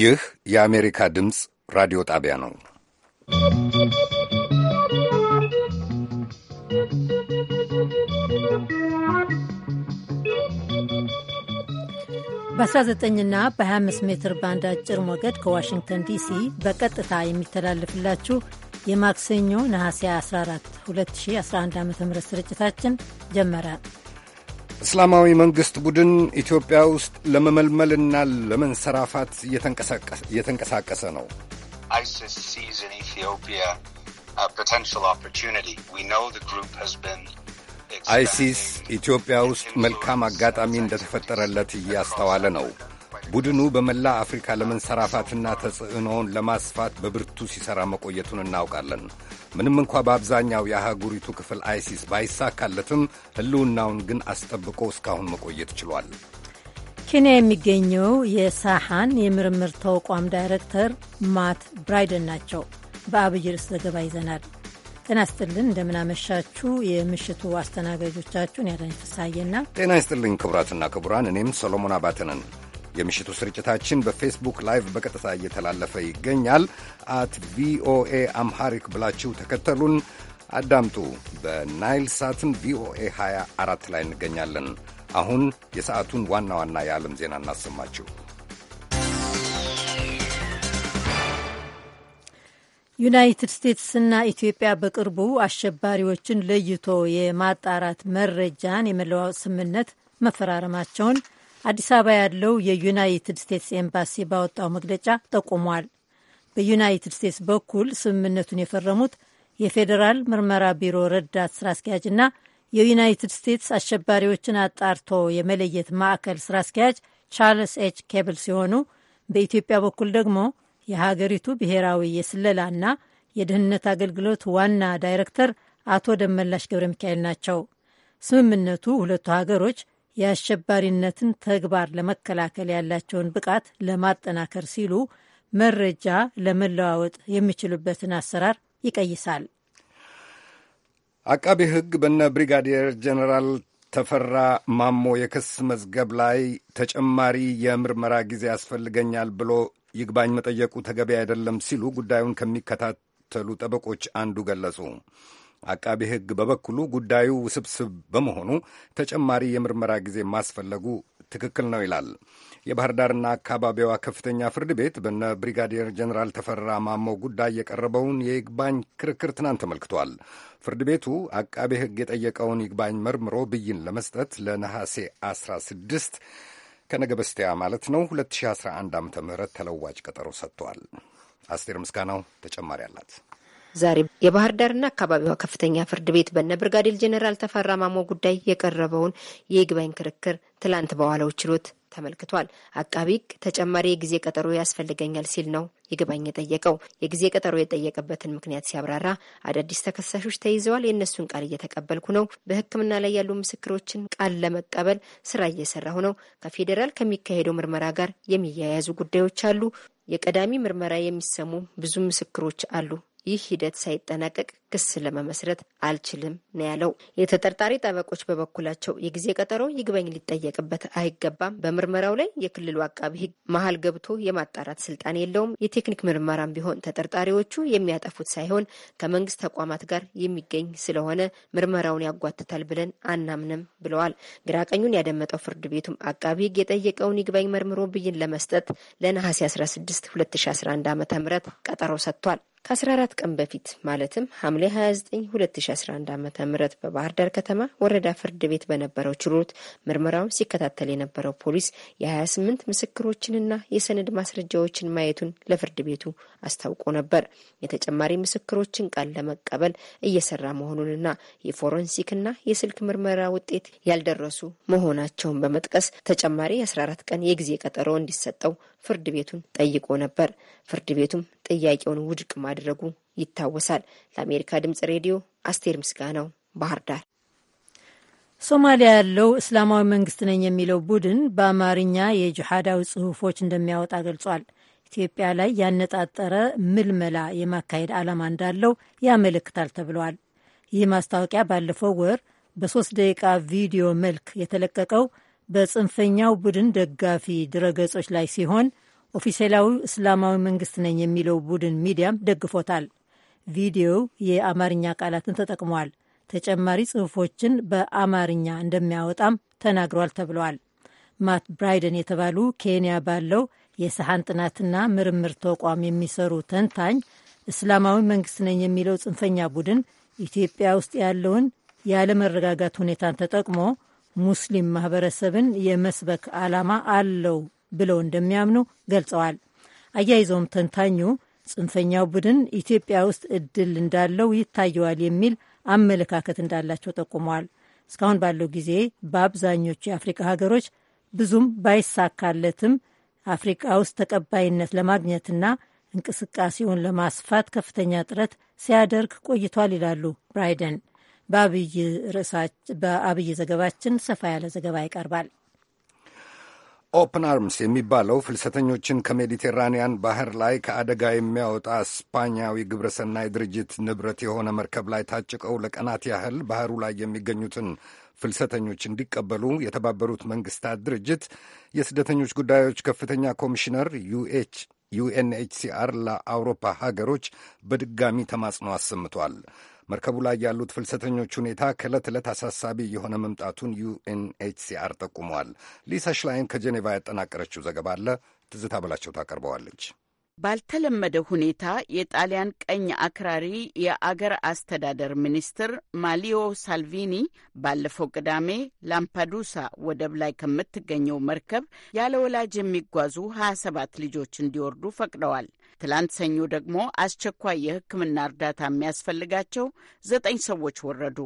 ይህ የአሜሪካ ድምፅ ራዲዮ ጣቢያ ነው። በ19ና በ25 ሜትር ባንድ አጭር ሞገድ ከዋሽንግተን ዲሲ በቀጥታ የሚተላለፍላችሁ የማክሰኞ ነሐሴ 14 2011 ዓ ም ስርጭታችን ጀመረ። እስላማዊ መንግሥት ቡድን ኢትዮጵያ ውስጥ ለመመልመልና ለመንሰራፋት እየተንቀሳቀሰ ነው። አይሲስ ኢትዮጵያ ውስጥ መልካም አጋጣሚ እንደተፈጠረለት እያስተዋለ ነው። ቡድኑ በመላ አፍሪካ ለመንሰራፋትና ተጽዕኖውን ለማስፋት በብርቱ ሲሠራ መቆየቱን እናውቃለን። ምንም እንኳ በአብዛኛው የአህጉሪቱ ክፍል አይሲስ ባይሳካለትም ህልውናውን ግን አስጠብቆ እስካሁን መቆየት ችሏል። ኬንያ የሚገኘው የሳሐን የምርምር ተቋም ዳይሬክተር ማት ብራይደን ናቸው። በአብይ ርዕስ ዘገባ ይዘናል። ጤና ይስጥልን፣ እንደምናመሻችሁ። የምሽቱ አስተናጋጆቻችሁን ያዳኝ ፍሳዬና ጤና ይስጥልኝ ክቡራትና ክቡራን፣ እኔም ሰሎሞን አባተ ነን። የምሽቱ ስርጭታችን በፌስቡክ ላይቭ በቀጥታ እየተላለፈ ይገኛል። አት ቪኦኤ አምሃሪክ ብላችሁ ተከተሉን አዳምጡ። በናይል ሳትን ቪኦኤ 24 ላይ እንገኛለን። አሁን የሰዓቱን ዋና ዋና የዓለም ዜና እናሰማችሁ። ዩናይትድ ስቴትስና ኢትዮጵያ በቅርቡ አሸባሪዎችን ለይቶ የማጣራት መረጃን የመለዋወጥ ስምምነት መፈራረማቸውን አዲስ አበባ ያለው የዩናይትድ ስቴትስ ኤምባሲ ባወጣው መግለጫ ጠቁሟል። በዩናይትድ ስቴትስ በኩል ስምምነቱን የፈረሙት የፌዴራል ምርመራ ቢሮ ረዳት ስራ አስኪያጅና የዩናይትድ ስቴትስ አሸባሪዎችን አጣርቶ የመለየት ማዕከል ስራ አስኪያጅ ቻርልስ ኤች ኬብል ሲሆኑ በኢትዮጵያ በኩል ደግሞ የሀገሪቱ ብሔራዊ የስለላና የደህንነት አገልግሎት ዋና ዳይሬክተር አቶ ደመላሽ ገብረ ሚካኤል ናቸው። ስምምነቱ ሁለቱ ሀገሮች የአሸባሪነትን ተግባር ለመከላከል ያላቸውን ብቃት ለማጠናከር ሲሉ መረጃ ለመለዋወጥ የሚችሉበትን አሰራር ይቀይሳል። አቃቢ ሕግ በነ ብሪጋዲየር ጀኔራል ተፈራ ማሞ የክስ መዝገብ ላይ ተጨማሪ የምርመራ ጊዜ ያስፈልገኛል ብሎ ይግባኝ መጠየቁ ተገቢ አይደለም ሲሉ ጉዳዩን ከሚከታተሉ ጠበቆች አንዱ ገለጹ። አቃቤ ሕግ በበኩሉ ጉዳዩ ውስብስብ በመሆኑ ተጨማሪ የምርመራ ጊዜ ማስፈለጉ ትክክል ነው ይላል። የባህር ዳርና አካባቢዋ ከፍተኛ ፍርድ ቤት በነ ብሪጋዴር ጀኔራል ተፈራ ማሞ ጉዳይ የቀረበውን የይግባኝ ክርክር ትናንት ተመልክቷል። ፍርድ ቤቱ አቃቤ ሕግ የጠየቀውን ይግባኝ መርምሮ ብይን ለመስጠት ለነሐሴ 16 ከነገ በስቲያ ማለት ነው 2011 ዓ ም ተለዋጭ ቀጠሮ ሰጥቷል። አስቴር ምስጋናው ተጨማሪ አላት። ዛሬ የባህር ዳርና አካባቢዋ ከፍተኛ ፍርድ ቤት በነ ብርጋዴር ጄኔራል ተፈራ ማሞ ጉዳይ የቀረበውን የይግባኝ ክርክር ትላንት በዋለው ችሎት ተመልክቷል። አቃቢ ሕግ ተጨማሪ የጊዜ ቀጠሮ ያስፈልገኛል ሲል ነው ይግባኝ የጠየቀው። የጊዜ ቀጠሮ የጠየቀበትን ምክንያት ሲያብራራ አዳዲስ ተከሳሾች ተይዘዋል፣ የእነሱን ቃል እየተቀበልኩ ነው፣ በሕክምና ላይ ያሉ ምስክሮችን ቃል ለመቀበል ስራ እየሰራሁ ነው፣ ከፌዴራል ከሚካሄደው ምርመራ ጋር የሚያያዙ ጉዳዮች አሉ፣ የቀዳሚ ምርመራ የሚሰሙ ብዙ ምስክሮች አሉ ይህ ሂደት ሳይጠናቀቅ ክስ ለመመስረት አልችልም ነው ያለው። የተጠርጣሪ ጠበቆች በበኩላቸው የጊዜ ቀጠሮ ይግባኝ ሊጠየቅበት አይገባም፣ በምርመራው ላይ የክልሉ አቃቢ ሕግ መሀል ገብቶ የማጣራት ስልጣን የለውም። የቴክኒክ ምርመራም ቢሆን ተጠርጣሪዎቹ የሚያጠፉት ሳይሆን ከመንግስት ተቋማት ጋር የሚገኝ ስለሆነ ምርመራውን ያጓትታል ብለን አናምንም ብለዋል። ግራቀኙን ያደመጠው ፍርድ ቤቱም አቃቢ ሕግ የጠየቀውን ይግባኝ መርምሮ ብይን ለመስጠት ለነሐሴ 16 2011 ዓ ም ቀጠሮ ሰጥቷል። ከ14 ቀን በፊት ማለትም ሐምሌ ሐምሌ 29 2011 ዓ ም በባህር ዳር ከተማ ወረዳ ፍርድ ቤት በነበረው ችሎት ምርመራውን ሲከታተል የነበረው ፖሊስ የ28 ምስክሮችንና የሰነድ ማስረጃዎችን ማየቱን ለፍርድ ቤቱ አስታውቆ ነበር። የተጨማሪ ምስክሮችን ቃል ለመቀበል እየሰራ መሆኑንና የፎረንሲክና የስልክ ምርመራ ውጤት ያልደረሱ መሆናቸውን በመጥቀስ ተጨማሪ የ14 ቀን የጊዜ ቀጠሮ እንዲሰጠው ፍርድ ቤቱን ጠይቆ ነበር። ፍርድ ቤቱም ጥያቄውን ውድቅ ማድረጉ ይታወሳል። ለአሜሪካ ድምጽ ሬዲዮ አስቴር ምስጋናው ባህር ዳር። ሶማሊያ ያለው እስላማዊ መንግስት ነኝ የሚለው ቡድን በአማርኛ የጅሃዳዊ ጽሁፎች እንደሚያወጣ ገልጿል። ኢትዮጵያ ላይ ያነጣጠረ ምልመላ የማካሄድ ዓላማ እንዳለው ያመለክታል ተብሏል። ይህ ማስታወቂያ ባለፈው ወር በሶስት ደቂቃ ቪዲዮ መልክ የተለቀቀው በጽንፈኛው ቡድን ደጋፊ ድረገጾች ላይ ሲሆን ኦፊሴላዊ እስላማዊ መንግስት ነኝ የሚለው ቡድን ሚዲያም ደግፎታል። ቪዲዮው የአማርኛ ቃላትን ተጠቅሟል። ተጨማሪ ጽሑፎችን በአማርኛ እንደሚያወጣም ተናግሯል ተብለዋል። ማት ብራይደን የተባሉ ኬንያ ባለው የሰሐን ጥናትና ምርምር ተቋም የሚሰሩ ተንታኝ እስላማዊ መንግስት ነኝ የሚለው ጽንፈኛ ቡድን ኢትዮጵያ ውስጥ ያለውን ያለመረጋጋት ሁኔታን ተጠቅሞ ሙስሊም ማህበረሰብን የመስበክ ዓላማ አለው ብለው እንደሚያምኑ ገልጸዋል። አያይዘውም ተንታኙ ጽንፈኛው ቡድን ኢትዮጵያ ውስጥ እድል እንዳለው ይታየዋል የሚል አመለካከት እንዳላቸው ጠቁመዋል። እስካሁን ባለው ጊዜ በአብዛኞቹ የአፍሪካ ሀገሮች ብዙም ባይሳካለትም አፍሪካ ውስጥ ተቀባይነት ለማግኘትና እንቅስቃሴውን ለማስፋት ከፍተኛ ጥረት ሲያደርግ ቆይቷል ይላሉ ብራይደን። በአብይ ዘገባችን ሰፋ ያለ ዘገባ ይቀርባል። ኦፕን አርምስ የሚባለው ፍልሰተኞችን ከሜዲቴራንያን ባህር ላይ ከአደጋ የሚያወጣ ስፓኛዊ ግብረሰናይ ድርጅት ንብረት የሆነ መርከብ ላይ ታጭቀው ለቀናት ያህል ባህሩ ላይ የሚገኙትን ፍልሰተኞች እንዲቀበሉ የተባበሩት መንግስታት ድርጅት የስደተኞች ጉዳዮች ከፍተኛ ኮሚሽነር ዩኤች ዩኤንኤችሲአር ለአውሮፓ ሀገሮች በድጋሚ ተማጽኖ አሰምቷል። መርከቡ ላይ ያሉት ፍልሰተኞች ሁኔታ ከዕለት ዕለት አሳሳቢ የሆነ መምጣቱን ዩኤንኤችሲአር ጠቁመዋል። ሊሳ ሽላይን ከጄኔቫ ያጠናቀረችው ዘገባ አለ። ትዝታ በላቸው ታቀርበዋለች። ባልተለመደ ሁኔታ የጣሊያን ቀኝ አክራሪ የአገር አስተዳደር ሚኒስትር ማሊዮ ሳልቪኒ ባለፈው ቅዳሜ ላምፓዱሳ ወደብ ላይ ከምትገኘው መርከብ ያለ ወላጅ የሚጓዙ 27 ልጆች እንዲወርዱ ፈቅደዋል። ትላንት ሰኞ ደግሞ አስቸኳይ የሕክምና እርዳታ የሚያስፈልጋቸው ዘጠኝ ሰዎች ወረዱ።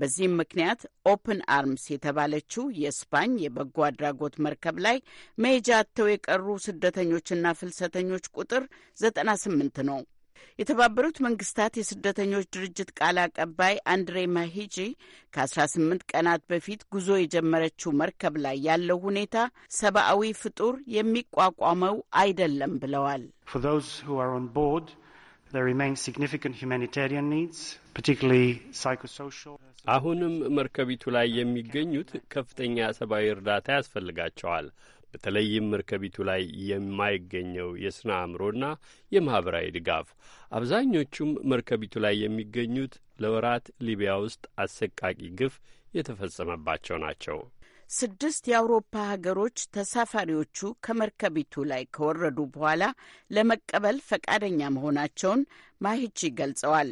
በዚህም ምክንያት ኦፕን አርምስ የተባለችው የስፓኝ የበጎ አድራጎት መርከብ ላይ መሄጃ አጥተው የቀሩ ስደተኞችና ፍልሰተኞች ቁጥር 98 ነው። የተባበሩት መንግስታት የስደተኞች ድርጅት ቃል አቀባይ አንድሬ ማሂጂ ከ18 ቀናት በፊት ጉዞ የጀመረችው መርከብ ላይ ያለው ሁኔታ ሰብአዊ ፍጡር የሚቋቋመው አይደለም ብለዋል። አሁንም መርከቢቱ ላይ የሚገኙት ከፍተኛ ሰብአዊ እርዳታ ያስፈልጋቸዋል። በተለይም መርከቢቱ ላይ የማይገኘው የስነ አእምሮና የማኅበራዊ ድጋፍ። አብዛኞቹም መርከቢቱ ላይ የሚገኙት ለወራት ሊቢያ ውስጥ አሰቃቂ ግፍ የተፈጸመባቸው ናቸው። ስድስት የአውሮፓ ሀገሮች ተሳፋሪዎቹ ከመርከቢቱ ላይ ከወረዱ በኋላ ለመቀበል ፈቃደኛ መሆናቸውን ማሂቺ ገልጸዋል።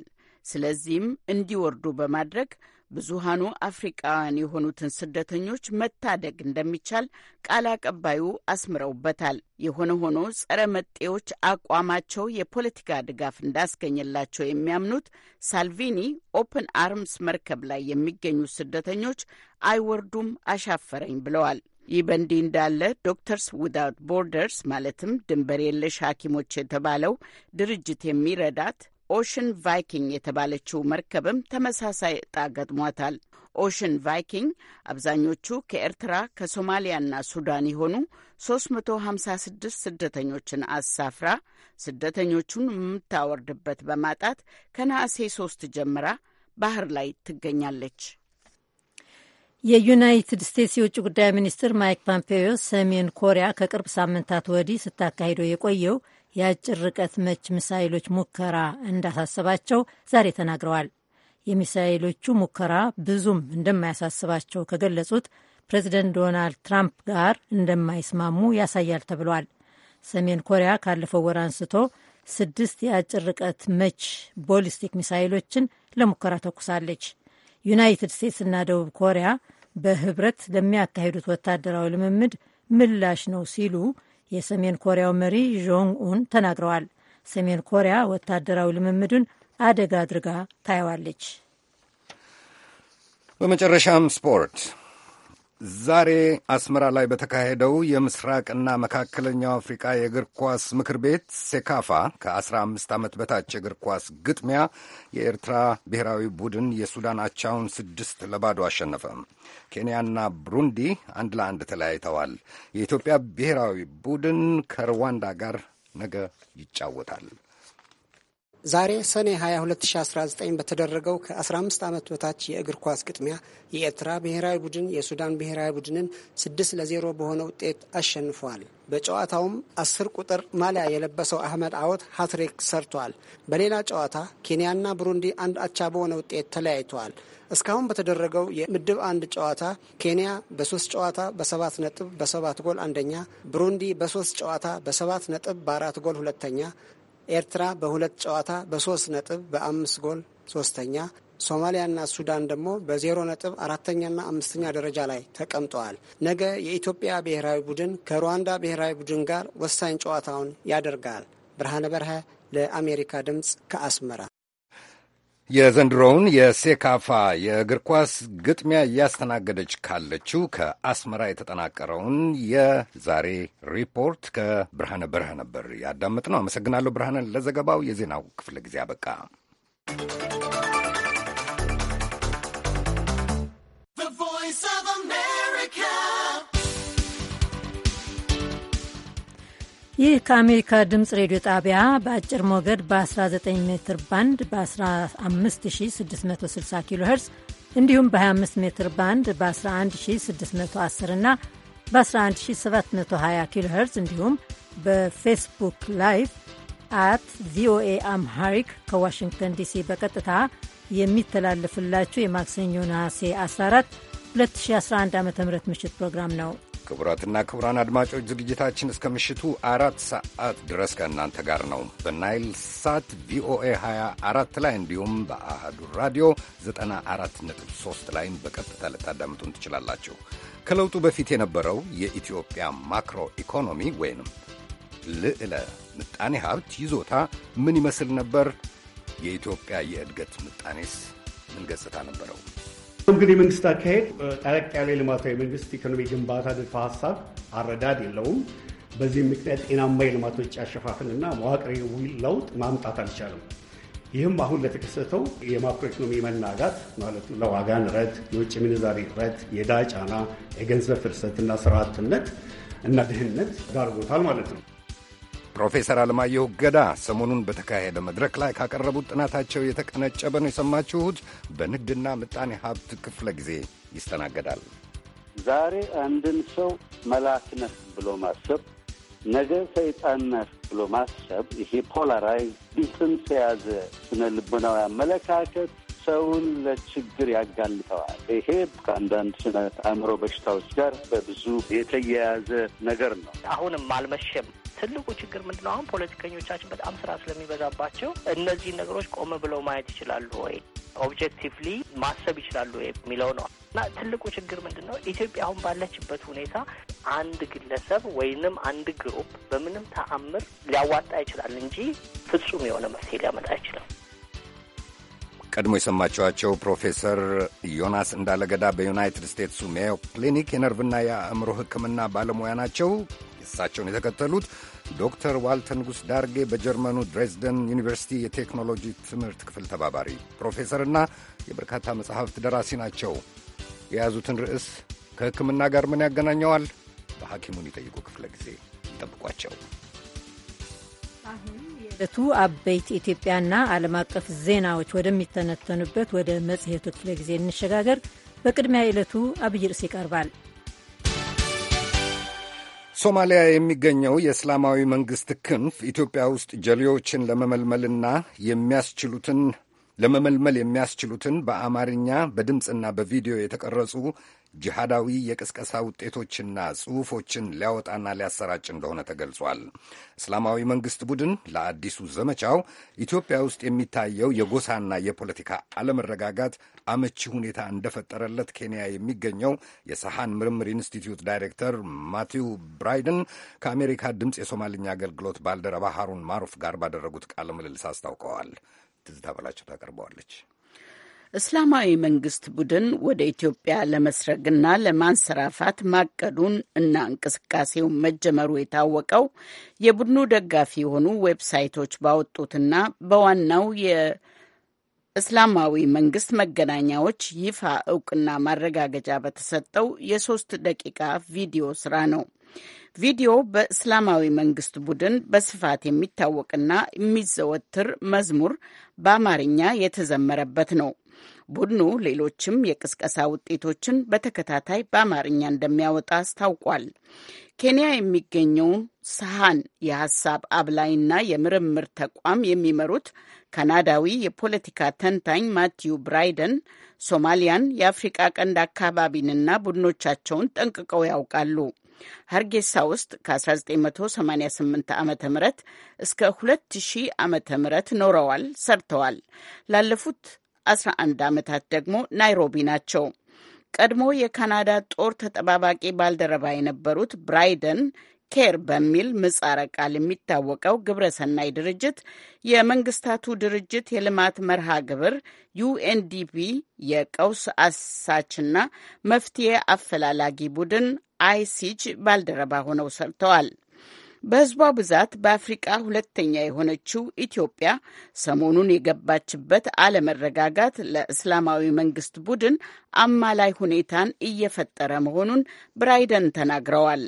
ስለዚህም እንዲወርዱ በማድረግ ብዙሃኑ አፍሪቃውያን የሆኑትን ስደተኞች መታደግ እንደሚቻል ቃል አቀባዩ አስምረውበታል። የሆነ ሆኖ ጸረ መጤዎች አቋማቸው የፖለቲካ ድጋፍ እንዳስገኝላቸው የሚያምኑት ሳልቪኒ ኦፕን አርምስ መርከብ ላይ የሚገኙ ስደተኞች አይወርዱም፣ አሻፈረኝ ብለዋል። ይህ በእንዲህ እንዳለ ዶክተርስ ዊዛውት ቦርደርስ ማለትም ድንበር የለሽ ሐኪሞች የተባለው ድርጅት የሚረዳት ኦሽን ቫይኪንግ የተባለችው መርከብም ተመሳሳይ ዕጣ ገጥሟታል። ኦሽን ቫይኪንግ አብዛኞቹ ከኤርትራ ከሶማሊያና ሱዳን የሆኑ 356 ስደተኞችን አሳፍራ ስደተኞቹን የምታወርድበት በማጣት ከነሐሴ ሶስት ጀምራ ባህር ላይ ትገኛለች። የዩናይትድ ስቴትስ የውጭ ጉዳይ ሚኒስትር ማይክ ፖምፔዮ ሰሜን ኮሪያ ከቅርብ ሳምንታት ወዲህ ስታካሂደው የቆየው የአጭር ርቀት መች ሚሳይሎች ሙከራ እንዳሳሰባቸው ዛሬ ተናግረዋል። የሚሳይሎቹ ሙከራ ብዙም እንደማያሳስባቸው ከገለጹት ፕሬዚደንት ዶናልድ ትራምፕ ጋር እንደማይስማሙ ያሳያል ተብሏል። ሰሜን ኮሪያ ካለፈው ወር አንስቶ ስድስት የአጭር ርቀት መች ቦሊስቲክ ሚሳይሎችን ለሙከራ ተኩሳለች። ዩናይትድ እና ደቡብ ኮሪያ በህብረት ለሚያካሂዱት ወታደራዊ ልምምድ ምላሽ ነው ሲሉ የሰሜን ኮሪያው መሪ ዦንግ ኡን ተናግረዋል። ሰሜን ኮሪያ ወታደራዊ ልምምዱን አደጋ አድርጋ ታየዋለች። በመጨረሻም ስፖርት ዛሬ አስመራ ላይ በተካሄደው የምስራቅና መካከለኛው አፍሪቃ የእግር ኳስ ምክር ቤት ሴካፋ ከ15 ዓመት በታች የእግር ኳስ ግጥሚያ የኤርትራ ብሔራዊ ቡድን የሱዳን አቻውን ስድስት ለባዶ አሸነፈ። ኬንያና ብሩንዲ አንድ ለአንድ ተለያይተዋል። የኢትዮጵያ ብሔራዊ ቡድን ከሩዋንዳ ጋር ነገ ይጫወታል። ዛሬ ሰኔ 20 2019 በተደረገው ከ15 ዓመት በታች የእግር ኳስ ግጥሚያ የኤርትራ ብሔራዊ ቡድን የሱዳን ብሔራዊ ቡድንን 6 ለ0 በሆነ ውጤት አሸንፏል። በጨዋታውም 10 ቁጥር ማሊያ የለበሰው አህመድ አወት ሀትሪክ ሰርቷል። በሌላ ጨዋታ ኬንያና ብሩንዲ አንድ አቻ በሆነ ውጤት ተለያይተዋል። እስካሁን በተደረገው የምድብ አንድ ጨዋታ ኬንያ በሶስት ጨዋታ በሰባት ነጥብ በሰባት ጎል አንደኛ፣ ብሩንዲ በሶስት ጨዋታ በሰባት ነጥብ በአራት ጎል ሁለተኛ፣ ኤርትራ በሁለት ጨዋታ በሶስት ነጥብ በአምስት ጎል ሶስተኛ፣ ሶማሊያና ሱዳን ደግሞ በዜሮ ነጥብ አራተኛና አምስተኛ ደረጃ ላይ ተቀምጠዋል። ነገ የኢትዮጵያ ብሔራዊ ቡድን ከሩዋንዳ ብሔራዊ ቡድን ጋር ወሳኝ ጨዋታውን ያደርጋል። ብርሃነ በርሀ ለአሜሪካ ድምፅ ከአስመራ የዘንድሮውን የሴካፋ የእግር ኳስ ግጥሚያ እያስተናገደች ካለችው ከአስመራ የተጠናቀረውን የዛሬ ሪፖርት ከብርሃነ በረሀ ነበር ያዳመጥነው። አመሰግናለሁ ብርሃነን ለዘገባው። የዜናው ክፍለ ጊዜ አበቃ። ይህ ከአሜሪካ ድምፅ ሬዲዮ ጣቢያ በአጭር ሞገድ በ19 ሜትር ባንድ በ15660 ኪሎ ሄርስ እንዲሁም በ25 ሜትር ባንድ በ11610 እና በ11720 ኪሎ ሄርስ እንዲሁም በፌስቡክ ላይቭ አት ቪኦኤ አምሃሪክ ከዋሽንግተን ዲሲ በቀጥታ የሚተላለፍላችሁ የማክሰኞ ነሐሴ 14 2011 ዓ ም ምሽት ፕሮግራም ነው። ክቡራትና ክቡራን አድማጮች ዝግጅታችን እስከ ምሽቱ አራት ሰዓት ድረስ ከእናንተ ጋር ነው። በናይል ሳት ቪኦኤ 24 ላይ እንዲሁም በአህዱ ራዲዮ 94.3 ላይም በቀጥታ ልታዳምጡን ትችላላችሁ። ከለውጡ በፊት የነበረው የኢትዮጵያ ማክሮ ኢኮኖሚ ወይም ልዕለ ምጣኔ ሀብት ይዞታ ምን ይመስል ነበር? የኢትዮጵያ የእድገት ምጣኔስ ምን ገጽታ ነበረው? እንግዲህ የመንግስት አካሄድ ጠረቅ ያለ ልማታዊ መንግስት ኢኮኖሚ ግንባታ ድፋ ሀሳብ አረዳድ የለውም። በዚህም ምክንያት ጤናማ የልማቶች አሸፋፍንና መዋቅራዊ ለውጥ ማምጣት አልቻለም። ይህም አሁን ለተከሰተው የማክሮ ኢኮኖሚ መናጋት ማለት ለዋጋ ንረት፣ የውጭ ምንዛሪ ንረት፣ የዕዳ ጫና፣ የገንዘብ ፍልሰትና ስርዓትነት እና ድህነት ዳርጎታል ማለት ነው። ፕሮፌሰር አለማየሁ ገዳ ሰሞኑን በተካሄደ መድረክ ላይ ካቀረቡት ጥናታቸው የተቀነጨበ ነው የሰማችሁት። በንግድና ምጣኔ ሀብት ክፍለ ጊዜ ይስተናገዳል። ዛሬ አንድን ሰው መልአክ ነህ ብሎ ማሰብ፣ ነገ ሰይጣን ነህ ብሎ ማሰብ፣ ይሄ ፖላራይዜሽን የያዘ ስነ ልቡናዊ አመለካከት ሰውን ለችግር ያጋልጠዋል። ይሄ ከአንዳንድ ስነ አእምሮ በሽታዎች ጋር በብዙ የተያያዘ ነገር ነው። አሁንም አልመሸም። ትልቁ ችግር ምንድነው? አሁን ፖለቲከኞቻችን በጣም ስራ ስለሚበዛባቸው እነዚህን ነገሮች ቆም ብለው ማየት ይችላሉ ወይ፣ ኦብጀክቲቭሊ ማሰብ ይችላሉ የሚለው ነው እና ትልቁ ችግር ምንድን ነው? ኢትዮጵያ አሁን ባለችበት ሁኔታ አንድ ግለሰብ ወይንም አንድ ግሩፕ በምንም ተአምር ሊያዋጣ ይችላል እንጂ ፍጹም የሆነ መፍትሄ ሊያመጣ አይችልም። ቀድሞ የሰማችኋቸው ፕሮፌሰር ዮናስ እንዳለገዳ በዩናይትድ ስቴትሱ ሜዮ ክሊኒክ የነርቭና የአእምሮ ሕክምና ባለሙያ ናቸው። እሳቸውን የተከተሉት ዶክተር ዋልተ ንጉሥ ዳርጌ በጀርመኑ ድሬዝደን ዩኒቨርሲቲ የቴክኖሎጂ ትምህርት ክፍል ተባባሪ ፕሮፌሰርና የበርካታ መጽሐፍት ደራሲ ናቸው። የያዙትን ርዕስ ከሕክምና ጋር ምን ያገናኘዋል? በሐኪሙን ይጠይቁ ክፍለ ጊዜ ይጠብቋቸው። ዕለቱ አበይት ኢትዮጵያና ዓለም አቀፍ ዜናዎች ወደሚተነተኑበት ወደ መጽሔቱ ክፍለ ጊዜ እንሸጋገር። በቅድሚያ የዕለቱ አብይ ርዕስ ይቀርባል። ሶማሊያ የሚገኘው የእስላማዊ መንግስት ክንፍ ኢትዮጵያ ውስጥ ጀሌዎችን ለመመልመልና የሚያስችሉትን ለመመልመል የሚያስችሉትን በአማርኛ በድምፅና በቪዲዮ የተቀረጹ ጅሃዳዊ የቅስቀሳ ውጤቶችና ጽሑፎችን ሊያወጣና ሊያሰራጭ እንደሆነ ተገልጿል። እስላማዊ መንግሥት ቡድን ለአዲሱ ዘመቻው ኢትዮጵያ ውስጥ የሚታየው የጎሳና የፖለቲካ አለመረጋጋት አመቺ ሁኔታ እንደፈጠረለት ኬንያ የሚገኘው የሰሃን ምርምር ኢንስቲትዩት ዳይሬክተር ማቲው ብራይደን ከአሜሪካ ድምፅ የሶማልኛ አገልግሎት ባልደረባ ሃሩን ማሩፍ ጋር ባደረጉት ቃለ ምልልስ አስታውቀዋል። ትዝታ በላቸው ታቀርበዋለች። እስላማዊ መንግስት ቡድን ወደ ኢትዮጵያ ለመስረግና ለማንሰራፋት ማቀዱን እና እንቅስቃሴውን መጀመሩ የታወቀው የቡድኑ ደጋፊ የሆኑ ዌብሳይቶች ባወጡትና በዋናው የእስላማዊ መንግስት መገናኛዎች ይፋ እውቅና ማረጋገጫ በተሰጠው የሶስት ደቂቃ ቪዲዮ ስራ ነው። ቪዲዮው በእስላማዊ መንግስት ቡድን በስፋት የሚታወቅና የሚዘወትር መዝሙር በአማርኛ የተዘመረበት ነው። ቡድኑ ሌሎችም የቅስቀሳ ውጤቶችን በተከታታይ በአማርኛ እንደሚያወጣ አስታውቋል። ኬንያ የሚገኘው ሰሃን የሀሳብ አብላይና የምርምር ተቋም የሚመሩት ካናዳዊ የፖለቲካ ተንታኝ ማቲዩ ብራይደን ሶማሊያን፣ የአፍሪቃ ቀንድ አካባቢንና ቡድኖቻቸውን ጠንቅቀው ያውቃሉ። ሀርጌሳ ውስጥ ከ1988 ዓ ም እስከ 2000 ዓ ም ኖረዋል፣ ሰርተዋል። ላለፉት 11 ዓመታት ደግሞ ናይሮቢ ናቸው። ቀድሞ የካናዳ ጦር ተጠባባቂ ባልደረባ የነበሩት ብራይደን ኬር በሚል ምጻረ ቃል የሚታወቀው ግብረሰናይ ድርጅት የመንግስታቱ ድርጅት የልማት መርሃ ግብር ዩኤንዲፒ የቀውስ አሳችና መፍትሄ አፈላላጊ ቡድን አይሲጅ ባልደረባ ሆነው ሰርተዋል። በህዝቧ ብዛት በአፍሪቃ ሁለተኛ የሆነችው ኢትዮጵያ ሰሞኑን የገባችበት አለመረጋጋት ለእስላማዊ መንግስት ቡድን አማላይ ሁኔታን እየፈጠረ መሆኑን ብራይደን ተናግረዋል።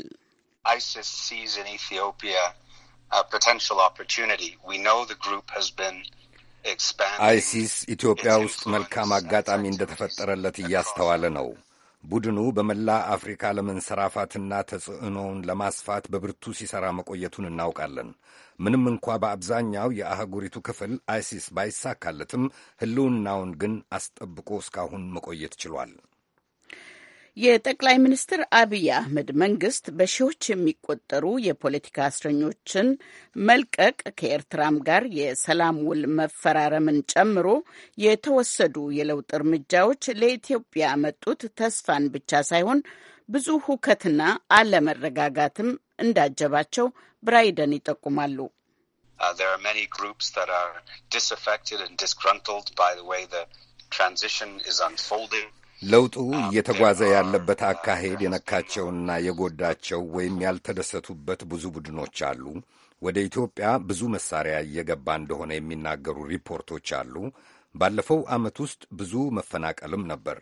ISIS sees in Ethiopia a potential opportunity. We know the group has been አይሲስ ኢትዮጵያ ውስጥ መልካም አጋጣሚ እንደተፈጠረለት እያስተዋለ ነው። ቡድኑ በመላ አፍሪካ ለመንሰራፋትና ተጽዕኖውን ለማስፋት በብርቱ ሲሰራ መቆየቱን እናውቃለን። ምንም እንኳ በአብዛኛው የአህጉሪቱ ክፍል አይሲስ ባይሳካለትም፣ ሕልውናውን ግን አስጠብቆ እስካሁን መቆየት ችሏል። የጠቅላይ ሚኒስትር አብይ አህመድ መንግስት በሺዎች የሚቆጠሩ የፖለቲካ እስረኞችን መልቀቅ ከኤርትራም ጋር የሰላም ውል መፈራረምን ጨምሮ የተወሰዱ የለውጥ እርምጃዎች ለኢትዮጵያ መጡት ተስፋን ብቻ ሳይሆን ብዙ ሁከትና አለመረጋጋትም እንዳጀባቸው ብራይደን ይጠቁማሉ። uh, ለውጡ እየተጓዘ ያለበት አካሄድ የነካቸውና የጎዳቸው ወይም ያልተደሰቱበት ብዙ ቡድኖች አሉ። ወደ ኢትዮጵያ ብዙ መሳሪያ እየገባ እንደሆነ የሚናገሩ ሪፖርቶች አሉ። ባለፈው ዓመት ውስጥ ብዙ መፈናቀልም ነበር።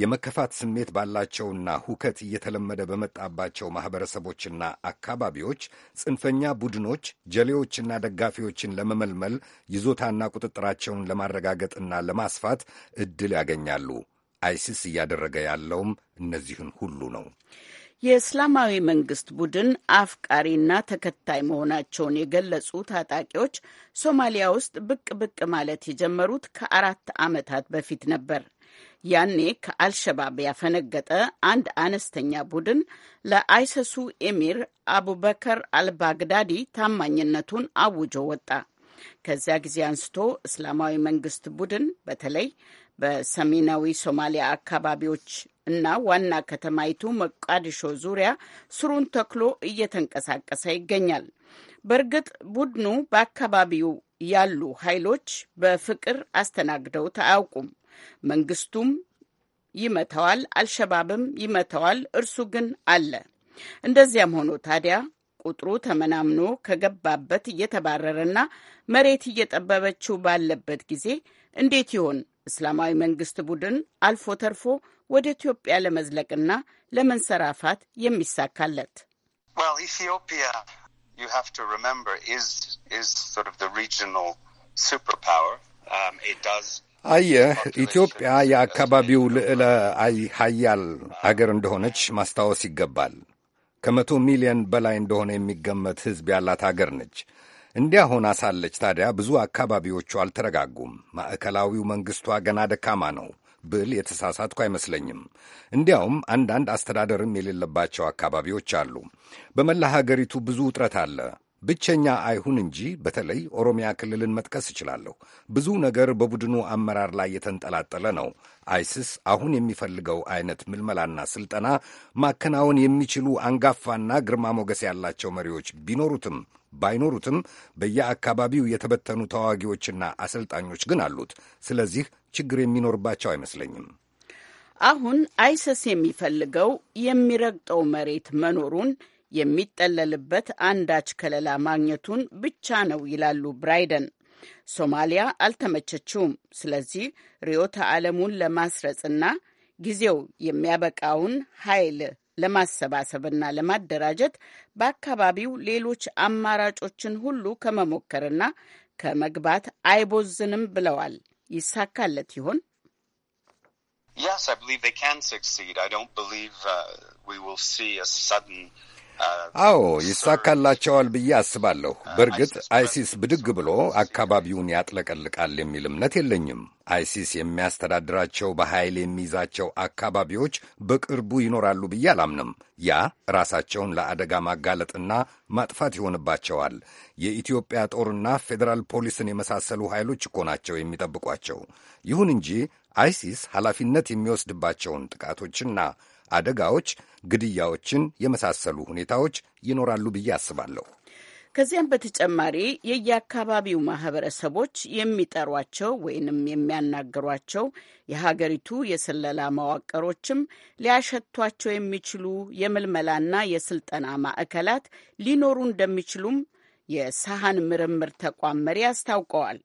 የመከፋት ስሜት ባላቸውና ሁከት እየተለመደ በመጣባቸው ማኅበረሰቦችና አካባቢዎች ጽንፈኛ ቡድኖች ጀሌዎችና ደጋፊዎችን ለመመልመል ይዞታና ቁጥጥራቸውን ለማረጋገጥና ለማስፋት ዕድል ያገኛሉ። አይሲስ እያደረገ ያለውም እነዚህን ሁሉ ነው። የእስላማዊ መንግስት ቡድን አፍቃሪና ተከታይ መሆናቸውን የገለጹ ታጣቂዎች ሶማሊያ ውስጥ ብቅ ብቅ ማለት የጀመሩት ከአራት ዓመታት በፊት ነበር። ያኔ ከአልሸባብ ያፈነገጠ አንድ አነስተኛ ቡድን ለአይሰሱ ኤሚር አቡበከር አልባግዳዲ ታማኝነቱን አውጆ ወጣ። ከዚያ ጊዜ አንስቶ እስላማዊ መንግስት ቡድን በተለይ በሰሜናዊ ሶማሊያ አካባቢዎች እና ዋና ከተማይቱ ሞቃዲሾ ዙሪያ ስሩን ተክሎ እየተንቀሳቀሰ ይገኛል። በእርግጥ ቡድኑ በአካባቢው ያሉ ኃይሎች በፍቅር አስተናግደውት አያውቁም። መንግስቱም ይመተዋል፣ አልሸባብም ይመተዋል። እርሱ ግን አለ። እንደዚያም ሆኖ ታዲያ ቁጥሩ ተመናምኖ ከገባበት እየተባረረና መሬት እየጠበበችው ባለበት ጊዜ እንዴት ይሆን እስላማዊ መንግስት ቡድን አልፎ ተርፎ ወደ ኢትዮጵያ ለመዝለቅና ለመንሰራፋት የሚሳካለት um, አየህ ኢትዮጵያ የአካባቢው ልዕለ ሀያል አገር እንደሆነች ማስታወስ ይገባል። ከመቶ ሚሊዮን በላይ እንደሆነ የሚገመት ሕዝብ ያላት አገር ነች። እንዲያ ሆና ሳለች ታዲያ ብዙ አካባቢዎቹ አልተረጋጉም። ማዕከላዊው መንግሥቷ ገና ደካማ ነው ብል የተሳሳትኩ አይመስለኝም። እንዲያውም አንዳንድ አስተዳደርም የሌለባቸው አካባቢዎች አሉ። በመላ ሀገሪቱ ብዙ ውጥረት አለ። ብቸኛ አይሁን እንጂ በተለይ ኦሮሚያ ክልልን መጥቀስ እችላለሁ። ብዙ ነገር በቡድኑ አመራር ላይ የተንጠላጠለ ነው። አይስስ አሁን የሚፈልገው አይነት ምልመላና ስልጠና ማከናወን የሚችሉ አንጋፋና ግርማ ሞገስ ያላቸው መሪዎች ቢኖሩትም ባይኖሩትም በየአካባቢው የተበተኑ ተዋጊዎችና አሰልጣኞች ግን አሉት። ስለዚህ ችግር የሚኖርባቸው አይመስለኝም። አሁን አይሰስ የሚፈልገው የሚረግጠው መሬት መኖሩን የሚጠለልበት አንዳች ከለላ ማግኘቱን ብቻ ነው ይላሉ ብራይደን። ሶማሊያ አልተመቸችውም። ስለዚህ ርዕዮተ ዓለሙን ለማስረጽና ጊዜው የሚያበቃውን ኃይል ለማሰባሰብና ለማደራጀት በአካባቢው ሌሎች አማራጮችን ሁሉ ከመሞከርና ከመግባት አይቦዝንም ብለዋል። ይሳካለት ይሆን? Yes, I believe they can succeed. I don't believe uh, we will see a sudden አዎ ይሳካላቸዋል ብዬ አስባለሁ። በእርግጥ አይሲስ ብድግ ብሎ አካባቢውን ያጥለቀልቃል የሚል እምነት የለኝም። አይሲስ የሚያስተዳድራቸው በኃይል የሚይዛቸው አካባቢዎች በቅርቡ ይኖራሉ ብዬ አላምንም። ያ ራሳቸውን ለአደጋ ማጋለጥና ማጥፋት ይሆንባቸዋል። የኢትዮጵያ ጦርና ፌዴራል ፖሊስን የመሳሰሉ ኃይሎች እኮ ናቸው የሚጠብቋቸው። ይሁን እንጂ አይሲስ ኃላፊነት የሚወስድባቸውን ጥቃቶችና አደጋዎች፣ ግድያዎችን የመሳሰሉ ሁኔታዎች ይኖራሉ ብዬ አስባለሁ። ከዚያም በተጨማሪ የየአካባቢው ማህበረሰቦች የሚጠሯቸው ወይንም የሚያናግሯቸው የሀገሪቱ የስለላ መዋቅሮችም ሊያሸቷቸው የሚችሉ የምልመላና የስልጠና ማዕከላት ሊኖሩ እንደሚችሉም የሰሃን ምርምር ተቋም መሪ አስታውቀዋል።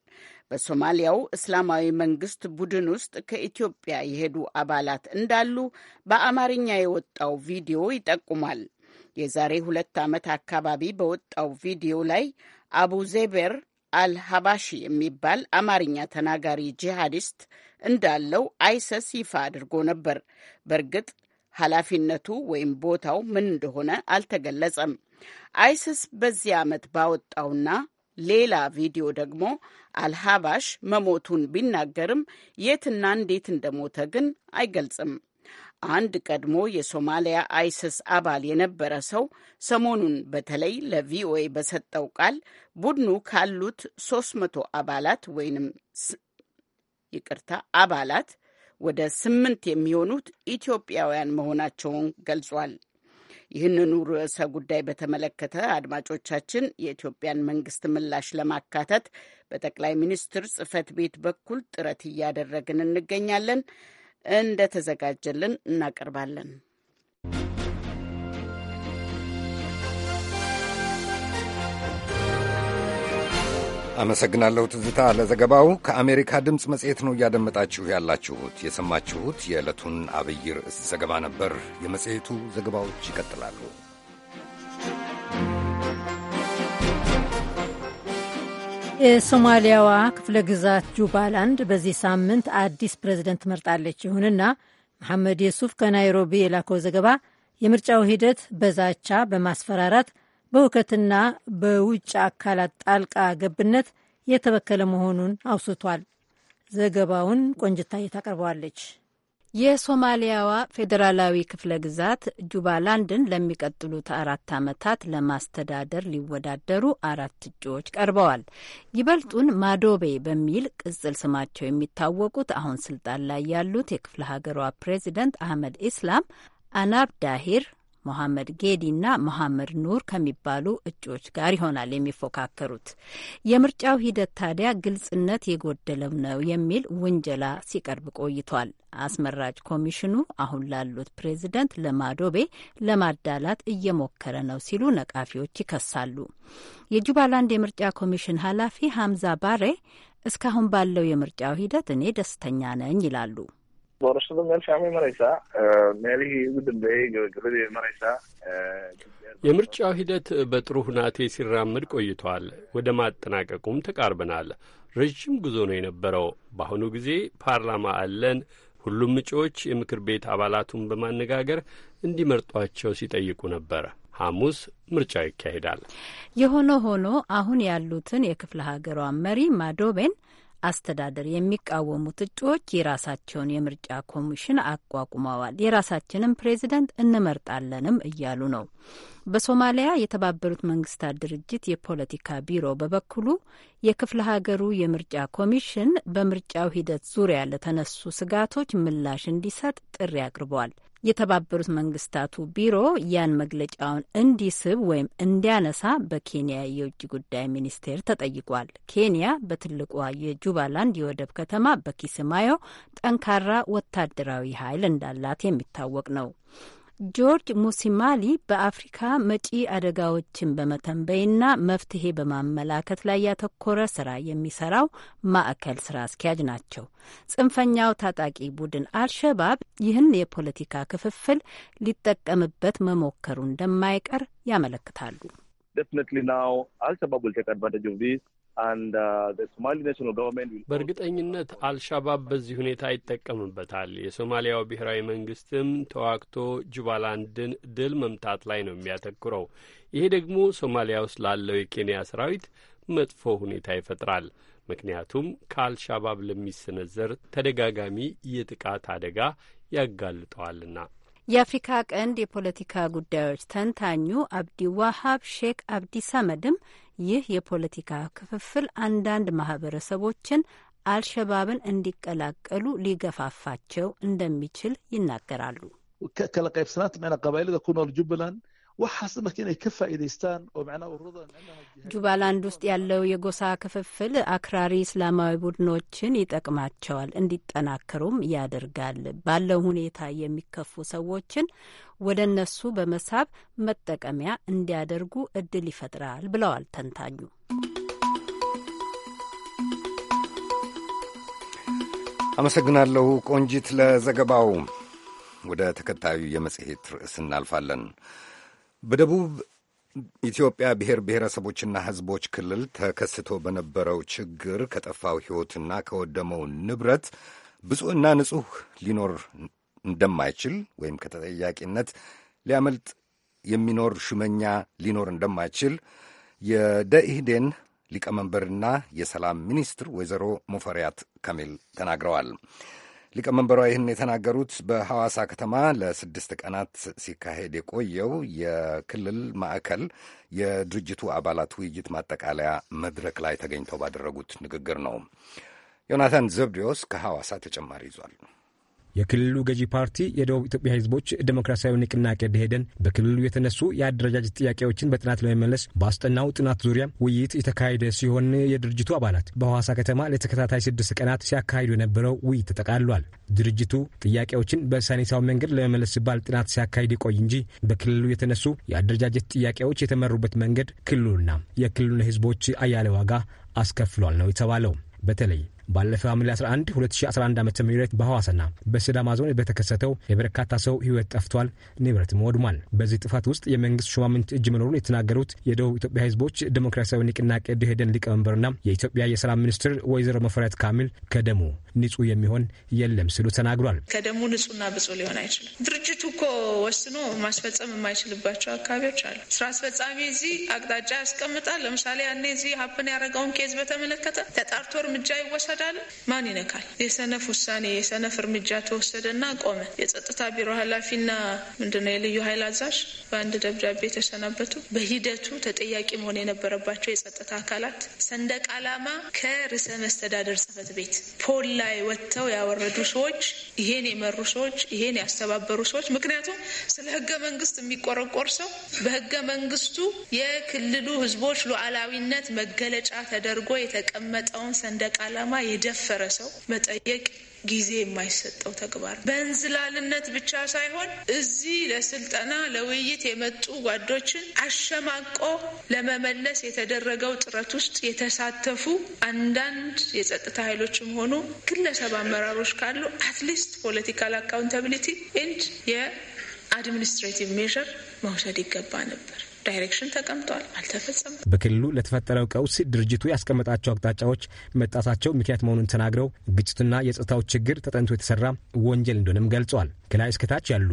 በሶማሊያው እስላማዊ መንግስት ቡድን ውስጥ ከኢትዮጵያ የሄዱ አባላት እንዳሉ በአማርኛ የወጣው ቪዲዮ ይጠቁማል። የዛሬ ሁለት ዓመት አካባቢ በወጣው ቪዲዮ ላይ አቡ ዜቤር አልሀባሺ የሚባል አማርኛ ተናጋሪ ጂሃዲስት እንዳለው አይሰስ ይፋ አድርጎ ነበር። በእርግጥ ኃላፊነቱ ወይም ቦታው ምን እንደሆነ አልተገለጸም። አይስስ በዚህ ዓመት ባወጣውና ሌላ ቪዲዮ ደግሞ አልሃባሽ መሞቱን ቢናገርም የትና እንዴት እንደሞተ ግን አይገልጽም። አንድ ቀድሞ የሶማሊያ አይስስ አባል የነበረ ሰው ሰሞኑን በተለይ ለቪኦኤ በሰጠው ቃል ቡድኑ ካሉት 300 አባላት ወይንም ይቅርታ አባላት ወደ ስምንት የሚሆኑት ኢትዮጵያውያን መሆናቸውን ገልጿል። ይህንኑ ርዕሰ ጉዳይ በተመለከተ አድማጮቻችን የኢትዮጵያን መንግስት ምላሽ ለማካተት በጠቅላይ ሚኒስትር ጽህፈት ቤት በኩል ጥረት እያደረግን እንገኛለን። እንደተዘጋጀልን እናቀርባለን። አመሰግናለሁ ትዝታ ለዘገባው። ከአሜሪካ ድምፅ መጽሔት ነው እያደመጣችሁ ያላችሁት። የሰማችሁት የዕለቱን አብይ ርዕስ ዘገባ ነበር። የመጽሔቱ ዘገባዎች ይቀጥላሉ። የሶማሊያዋ ክፍለ ግዛት ጁባላንድ በዚህ ሳምንት አዲስ ፕሬዝደንት ትመርጣለች። ይሁንና መሐመድ የሱፍ ከናይሮቢ የላከው ዘገባ የምርጫው ሂደት በዛቻ በማስፈራራት በውከትና በውጭ አካላት ጣልቃ ገብነት የተበከለ መሆኑን አውስቷል። ዘገባውን ቆንጅታዬ ታቀርበዋለች። የሶማሊያዋ ፌዴራላዊ ክፍለ ግዛት ጁባላንድን ለሚቀጥሉት አራት ዓመታት ለማስተዳደር ሊወዳደሩ አራት እጩዎች ቀርበዋል። ይበልጡን ማዶቤ በሚል ቅጽል ስማቸው የሚታወቁት አሁን ስልጣን ላይ ያሉት የክፍለ ሀገሯ ፕሬዚደንት አህመድ ኢስላም አናብ ዳሂር ጌዲ ጌዲና መሐመድ ኑር ከሚባሉ እጩዎች ጋር ይሆናል የሚፎካከሩት። የምርጫው ሂደት ታዲያ ግልጽነት የጎደለው ነው የሚል ውንጀላ ሲቀርብ ቆይቷል። አስመራጭ ኮሚሽኑ አሁን ላሉት ፕሬዚደንት ለማዶቤ ለማዳላት እየሞከረ ነው ሲሉ ነቃፊዎች ይከሳሉ። የጁባላንድ የምርጫ ኮሚሽን ኃላፊ ሀምዛ ባሬ እስካሁን ባለው የምርጫው ሂደት እኔ ደስተኛ ነኝ ይላሉ። doorashada meel fiicmay maraysaa meelihii ugu dambeeyey gabagabadii maraysaa የምርጫ ሂደት በጥሩ ሁናቴ ሲራመድ ቆይቷል። ወደ ማጠናቀቁም ተቃርበናል። ረዥም ጉዞ ነው የነበረው። በአሁኑ ጊዜ ፓርላማ አለን። ሁሉም እጩዎች የምክር ቤት አባላቱን በማነጋገር እንዲመርጧቸው ሲጠይቁ ነበር። ሐሙስ ምርጫ ይካሄዳል። የሆነ ሆኖ አሁን ያሉትን የክፍለ ሀገሯ መሪ ማዶቤን አስተዳደር የሚቃወሙት እጩዎች የራሳቸውን የምርጫ ኮሚሽን አቋቁመዋል። የራሳችንም ፕሬዚደንት እንመርጣለንም እያሉ ነው። በሶማሊያ የተባበሩት መንግስታት ድርጅት የፖለቲካ ቢሮ በበኩሉ የክፍለ ሀገሩ የምርጫ ኮሚሽን በምርጫው ሂደት ዙሪያ ለተነሱ ስጋቶች ምላሽ እንዲሰጥ ጥሪ አቅርበዋል። የተባበሩት መንግስታቱ ቢሮ ያን መግለጫውን እንዲስብ ወይም እንዲያነሳ በኬንያ የውጭ ጉዳይ ሚኒስቴር ተጠይቋል። ኬንያ በትልቋ የጁባላንድ የወደብ ከተማ በኪስማዮ ጠንካራ ወታደራዊ ኃይል እንዳላት የሚታወቅ ነው። ጆርጅ ሙሲማሊ በአፍሪካ መጪ አደጋዎችን በመተንበይና መፍትሄ በማመላከት ላይ ያተኮረ ስራ የሚሰራው ማዕከል ስራ አስኪያጅ ናቸው። ጽንፈኛው ታጣቂ ቡድን አልሸባብ ይህን የፖለቲካ ክፍፍል ሊጠቀምበት መሞከሩ እንደማይቀር ያመለክታሉ። Uh, በእርግጠኝነት አልሻባብ በዚህ ሁኔታ ይጠቀምበታል። የሶማሊያው ብሔራዊ መንግስትም ተዋግቶ ጁባላንድን ድል መምታት ላይ ነው የሚያተኩረው። ይሄ ደግሞ ሶማሊያ ውስጥ ላለው የኬንያ ሰራዊት መጥፎ ሁኔታ ይፈጥራል። ምክንያቱም ከአልሻባብ ለሚሰነዘር ተደጋጋሚ የጥቃት አደጋ ያጋልጠዋልና። የአፍሪካ ቀንድ የፖለቲካ ጉዳዮች ተንታኙ አብዲ ዋሀብ ሼክ አብዲ ሰመድም ይህ የፖለቲካ ክፍፍል አንዳንድ ማህበረሰቦችን አልሸባብን እንዲቀላቀሉ ሊገፋፋቸው እንደሚችል ይናገራሉ ጁባላንድ ውስጥ ያለው የጎሳ ክፍፍል አክራሪ እስላማዊ ቡድኖችን ይጠቅማቸዋል፣ እንዲጠናከሩም ያደርጋል። ባለው ሁኔታ የሚከፉ ሰዎችን ወደ እነሱ በመሳብ መጠቀሚያ እንዲያደርጉ እድል ይፈጥራል ብለዋል ተንታኙ። አመሰግናለሁ ቆንጂት ለዘገባው። ወደ ተከታዩ የመጽሔት ርዕስ እናልፋለን። በደቡብ ኢትዮጵያ ብሔር ብሔረሰቦችና ሕዝቦች ክልል ተከስቶ በነበረው ችግር ከጠፋው ሕይወትና ከወደመው ንብረት ብፁዕና ንጹሕ ሊኖር እንደማይችል ወይም ከተጠያቂነት ሊያመልጥ የሚኖር ሹመኛ ሊኖር እንደማይችል የደኢህዴን ሊቀመንበርና የሰላም ሚኒስትር ወይዘሮ ሙፈሪያት ካሚል ተናግረዋል። ሊቀመንበሯ ይህን የተናገሩት በሐዋሳ ከተማ ለስድስት ቀናት ሲካሄድ የቆየው የክልል ማዕከል የድርጅቱ አባላት ውይይት ማጠቃለያ መድረክ ላይ ተገኝተው ባደረጉት ንግግር ነው። ዮናታን ዘብዴዎስ ከሐዋሳ ተጨማሪ ይዟል። የክልሉ ገዢ ፓርቲ የደቡብ ኢትዮጵያ ህዝቦች ዴሞክራሲያዊ ንቅናቄ ደሄደን በክልሉ የተነሱ የአደረጃጀት ጥያቄዎችን በጥናት ለመመለስ በአስጠናው ጥናት ዙሪያ ውይይት የተካሄደ ሲሆን የድርጅቱ አባላት በሐዋሳ ከተማ ለተከታታይ ስድስት ቀናት ሲያካሂዱ የነበረው ውይይት ተጠቃልሏል። ድርጅቱ ጥያቄዎችን በሳይንሳዊ መንገድ ለመመለስ ሲባል ጥናት ሲያካሂድ ይቆይ እንጂ በክልሉ የተነሱ የአደረጃጀት ጥያቄዎች የተመሩበት መንገድ ክልሉና የክልሉን ህዝቦች አያሌ ዋጋ አስከፍሏል ነው የተባለው። በተለይ ባለፈው ሐምሌ 11 2011 ዓ ም በሐዋሳና በሲዳማ ዞን በተከሰተው የበርካታ ሰው ህይወት ጠፍቷል፣ ንብረትም ወድሟል። በዚህ ጥፋት ውስጥ የመንግስት ሹማምንት እጅ መኖሩን የተናገሩት የደቡብ ኢትዮጵያ ህዝቦች ዴሞክራሲያዊ ንቅናቄ ደኢህዴን ሊቀመንበርና የኢትዮጵያ የሰላም ሚኒስትር ወይዘሮ መፈሪያት ካሚል ከደሙ ንጹህ የሚሆን የለም ሲሉ ተናግሯል። ከደሙ ንጹህና ብጹ ሊሆን አይችልም። ድርጅቱ እኮ ወስኖ ማስፈጸም የማይችልባቸው አካባቢዎች አሉ። ስራ አስፈጻሚ እዚህ አቅጣጫ ያስቀምጣል። ለምሳሌ ያኔ እዚህ ሀፕን ያደረገውን ኬዝ በተመለከተ ተጣርቶ እርምጃ ይወሳል ይወሰዳል፣ ማን ይነካል? የሰነፍ ውሳኔ የሰነፍ እርምጃ ተወሰደና ቆመ። የጸጥታ ቢሮ ኃላፊና ምንድነው የልዩ ኃይል አዛዥ በአንድ ደብዳቤ የተሰናበቱ። በሂደቱ ተጠያቂ መሆን የነበረባቸው የጸጥታ አካላት ሰንደቅ ዓላማ ከርዕሰ መስተዳደር ጽህፈት ቤት ፖል ላይ ወጥተው ያወረዱ ሰዎች፣ ይሄን የመሩ ሰዎች፣ ይሄን ያስተባበሩ ሰዎች ምክንያቱም ስለ ህገ መንግስት የሚቆረቆር ሰው በህገ መንግስቱ የክልሉ ህዝቦች ሉዓላዊነት መገለጫ ተደርጎ የተቀመጠውን ሰንደቅ ዓላማ የደፈረ ሰው መጠየቅ ጊዜ የማይሰጠው ተግባር በእንዝላልነት ብቻ ሳይሆን እዚህ ለስልጠና ለውይይት የመጡ ጓዶችን አሸማቆ ለመመለስ የተደረገው ጥረት ውስጥ የተሳተፉ አንዳንድ የጸጥታ ኃይሎችም ሆኑ ግለሰብ አመራሮች ካሉ አትሊስት ፖለቲካል አካውንታብሊቲ ኤንድ የአድሚኒስትሬቲቭ ሜዥር መውሰድ ይገባ ነበር። ዳይሬክሽን ተቀምጧል፣ አልተፈጸሙም። በክልሉ ለተፈጠረው ቀውስ ድርጅቱ ያስቀመጣቸው አቅጣጫዎች መጣሳቸው ምክንያት መሆኑን ተናግረው ግጭትና የጸጥታው ችግር ተጠንቶ የተሰራ ወንጀል እንደሆነም ገልጿል። ከላይ እስከታች ያሉ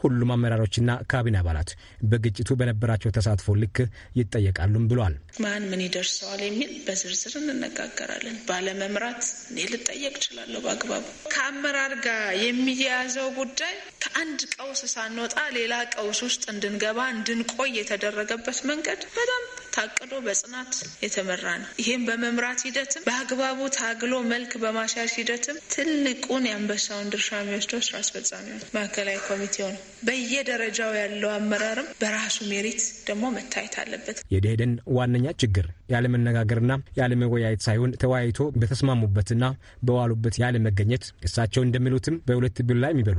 ሁሉም አመራሮችና ካቢኔ አባላት በግጭቱ በነበራቸው ተሳትፎ ልክ ይጠየቃሉም ብሏል። ማን ምን ይደርሰዋል የሚል በዝርዝር እንነጋገራለን። ባለመምራት እኔ ልጠየቅ እችላለሁ በአግባቡ። ከአመራር ጋር የሚያያዘው ጉዳይ ከአንድ ቀውስ ሳንወጣ ሌላ ቀውስ ውስጥ እንድንገባ እንድንቆይ የተደረገበት መንገድ በጣም ታቅዶ በጽናት የተመራ ነው። ይህም በመምራት ሂደትም በአግባቡ ታግሎ መልክ በማሻሽ ሂደትም ትልቁን የአንበሳውን ድርሻ የሚወስደው ስራ አስፈጻሚው ማዕከላዊ ኮሚቴው ነው። በየደረጃው ያለው አመራርም በራሱ ሜሪት ደግሞ መታየት አለበት። የደኢህዴን ዋነኛ ችግር ያለመነጋገርና ያለመወያየት ሳይሆን ተወያይቶ በተስማሙበትና በዋሉበት ያለመገኘት እሳቸው እንደሚሉትም በሁለት ላይ የሚበሉ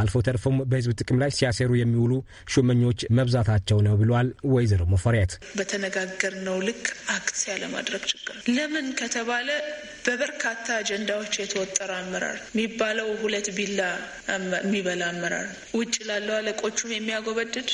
አልፎ ተርፎም በህዝብ ጥቅም ላይ ሲያሴሩ የሚውሉ ሹመኞች መብዛታቸው ነው ብሏል። ወይዘሮ ሙፈሪያት በተነጋገርነው ልክ አክት ያለማድረግ ችግር ለምን ከተባለ በበርካታ አጀንዳዎች የተወጠረ አመራር የሚባለው ሁለት ቢላ የሚበላ አመራር ውጭ ላለው አለቆቹም የሚያጎበድድ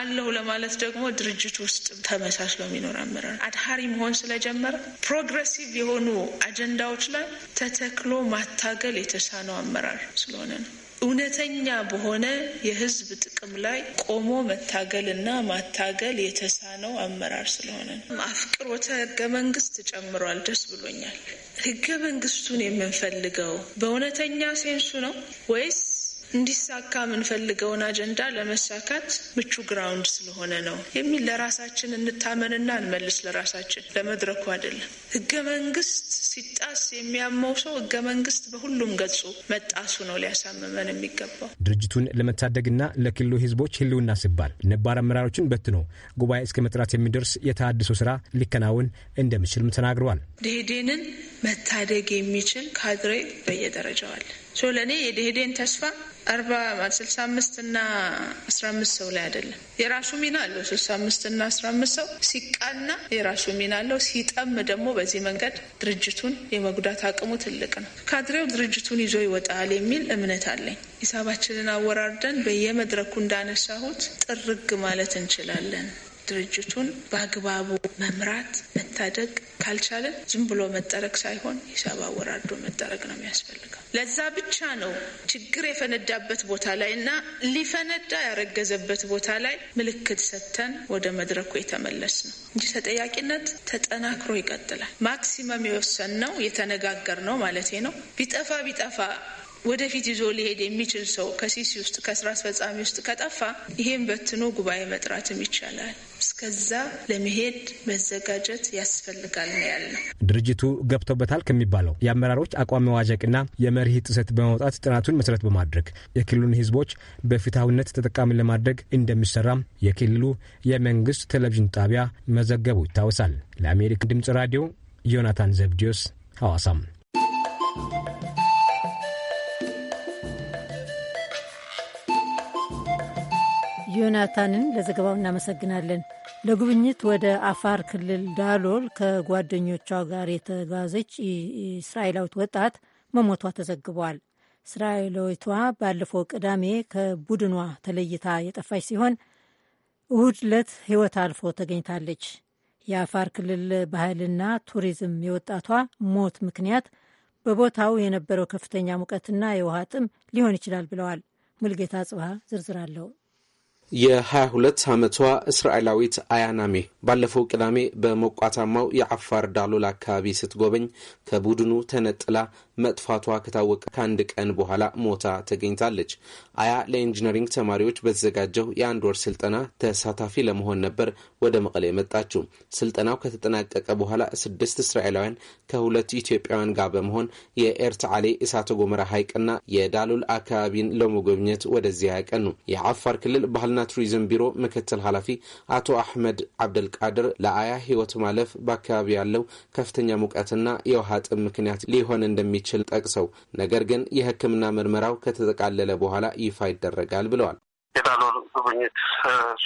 አለሁ ለማለት ደግሞ ድርጅት ውስጥ ተመሳስሎ የሚኖር አመራር አድሃሪ መሆን ስለጀመረ ፕሮግረሲቭ የሆኑ አጀንዳዎች ላይ ተተክሎ ማታገል የተሳነው አመራር ስለሆነ ነው። እውነተኛ በሆነ የህዝብ ጥቅም ላይ ቆሞ መታገልና ማታገል የተሳነው አመራር ስለሆነ ነው። አፍቅሮተ ህገ መንግስት ጨምሯል። ደስ ብሎኛል። ህገ መንግስቱን የምንፈልገው በእውነተኛ ሴንሱ ነው ወይስ እንዲሳካ የምንፈልገውን አጀንዳ ለመሳካት ምቹ ግራውንድ ስለሆነ ነው የሚል ለራሳችን እንታመንና እንመልስ። ለራሳችን ለመድረኩ አይደለም። ህገ መንግስት ሲጣስ የሚያመው ሰው ህገ መንግስት በሁሉም ገጹ መጣሱ ነው ሊያሳምመን የሚገባው። ድርጅቱን ለመታደግና ለክልሉ ህዝቦች ህልውና ሲባል ነባር አመራሮችን በትኖ ጉባኤ እስከ መጥራት የሚደርስ የተሃድሶ ስራ ሊከናወን እንደሚችልም ተናግረዋል። ደሄዴንን መታደግ የሚችል ካድሬ በየደረጃው አለ። ለእኔ የደኢህዴን ተስፋ አርባ ስልሳ አምስት እና አስራ አምስት ሰው ላይ አይደለም። የራሱ ሚና አለው። ስልሳ አምስት እና አስራ አምስት ሰው ሲቃና የራሱ ሚና አለው። ሲጠም ደግሞ በዚህ መንገድ ድርጅቱን የመጉዳት አቅሙ ትልቅ ነው። ካድሬው ድርጅቱን ይዞ ይወጣል የሚል እምነት አለኝ። ሂሳባችንን አወራርደን በየመድረኩ እንዳነሳሁት ጥርግ ማለት እንችላለን። ድርጅቱን በአግባቡ መምራት መታደግ ካልቻለን ዝም ብሎ መጠረግ ሳይሆን ሂሳብ አወራርዶ መጠረግ ነው የሚያስፈልገው። ለዛ ብቻ ነው ችግር የፈነዳበት ቦታ ላይ እና ሊፈነዳ ያረገዘበት ቦታ ላይ ምልክት ሰጥተን ወደ መድረኩ የተመለስ ነው እንጂ ተጠያቂነት ተጠናክሮ ይቀጥላል። ማክሲመም የወሰን ነው የተነጋገር ነው ማለቴ ነው። ቢጠፋ ቢጠፋ ወደፊት ይዞ ሊሄድ የሚችል ሰው ከሲሲ ውስጥ ከስራ አስፈጻሚ ውስጥ ከጠፋ ይሄን በትኖ ጉባኤ መጥራትም ይቻላል። እስከዛ ለመሄድ መዘጋጀት ያስፈልጋል ነው ያለው። ድርጅቱ ገብቶበታል ከሚባለው የአመራሮች አቋም መዋዠቅና የመርህ ጥሰት በማውጣት ጥናቱን መሰረት በማድረግ የክልሉን ህዝቦች በፍትሐዊነት ተጠቃሚ ለማድረግ እንደሚሰራም የክልሉ የመንግስት ቴሌቪዥን ጣቢያ መዘገቡ ይታወሳል። ለአሜሪካ ድምጽ ራዲዮ ዮናታን ዘብዲዮስ ሐዋሳም ዮናታንን ለዘገባው እናመሰግናለን። ለጉብኝት ወደ አፋር ክልል ዳሎል ከጓደኞቿ ጋር የተጓዘች እስራኤላዊት ወጣት መሞቷ ተዘግቧል። እስራኤላዊቷ ባለፈው ቅዳሜ ከቡድኗ ተለይታ የጠፋች ሲሆን እሁድ ዕለት ሕይወት አልፎ ተገኝታለች። የአፋር ክልል ባህልና ቱሪዝም የወጣቷ ሞት ምክንያት በቦታው የነበረው ከፍተኛ ሙቀትና የውሃ ጥም ሊሆን ይችላል ብለዋል። ሙልጌታ ጽብሃ ዝርዝር አለው። የ22 ዓመቷ እስራኤላዊት አያናሜ ባለፈው ቅዳሜ በሞቃታማው የአፋር ዳሎል አካባቢ ስትጎበኝ ከቡድኑ ተነጥላ መጥፋቷ ከታወቀ ከአንድ ቀን በኋላ ሞታ ተገኝታለች። አያ ለኢንጂነሪንግ ተማሪዎች በተዘጋጀው የአንድ ወር ስልጠና ተሳታፊ ለመሆን ነበር ወደ መቀሌ የመጣችው። ስልጠናው ከተጠናቀቀ በኋላ ስድስት እስራኤላውያን ከሁለት ኢትዮጵያውያን ጋር በመሆን የኤርትአሌ እሳተ ጎመራ ሐይቅና የዳሎል አካባቢን ለመጎብኘት ወደዚያ ያቀኑ የአፋር ክልል ባህል የባህልና ቱሪዝም ቢሮ ምክትል ኃላፊ አቶ አሕመድ አብደልቃድር ለአያ ህይወት ማለፍ በአካባቢ ያለው ከፍተኛ ሙቀትና የውሃ ጥም ምክንያት ሊሆን እንደሚችል ጠቅሰው ነገር ግን የህክምና ምርመራው ከተጠቃለለ በኋላ ይፋ ይደረጋል ብለዋል። የዳሎል ጉብኝት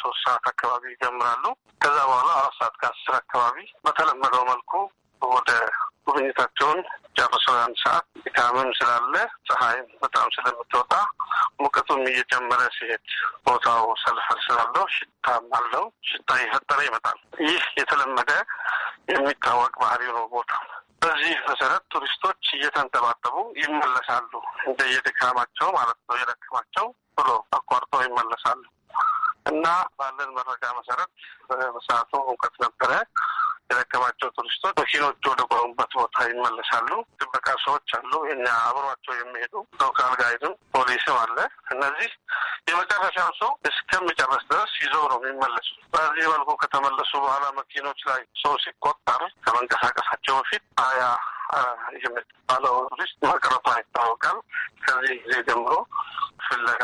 ሶስት ሰዓት አካባቢ ይጀምራሉ። ከዛ በኋላ አራት ሰዓት ከአስር አካባቢ በተለመደው መልኩ ወደ ጉብኝታቸውን ጨርሰው ያን ሰዓት ድካምም ስላለ ፀሐይ በጣም ስለምትወጣ ሙቀቱም እየጨመረ ሲሄድ ቦታው ሰልፈር ስላለው ሽታም አለው። ሽታ እየፈጠረ ይመጣል። ይህ የተለመደ የሚታወቅ ባህሪ ነው ቦታው። በዚህ መሰረት ቱሪስቶች እየተንጠባጠቡ ይመለሳሉ። እንደ የድካማቸው ማለት ነው የደከማቸው ብሎ አቋርጠው ይመለሳሉ እና ባለን መረጃ መሰረት በሰዓቱ ሙቀት ነበረ። የተረከባቸው ቱሪስቶች መኪኖች ወደ ቆሙበት ቦታ ይመለሳሉ። ጥበቃ ሰዎች አሉ። እኛ አብሯቸው የሚሄዱ ሎካል ጋይድም ፖሊስም አለ። እነዚህ የመጨረሻው ሰው እስከሚጨረስ ድረስ ይዘው ነው የሚመለሱ። በዚህ መልኩ ከተመለሱ በኋላ መኪኖች ላይ ሰው ሲቆጠር ከመንቀሳቀሳቸው በፊት ሀያ የምትባለው ቱሪስት መቅረቷ ይታወቃል። ከዚህ ጊዜ ጀምሮ ፍለጋ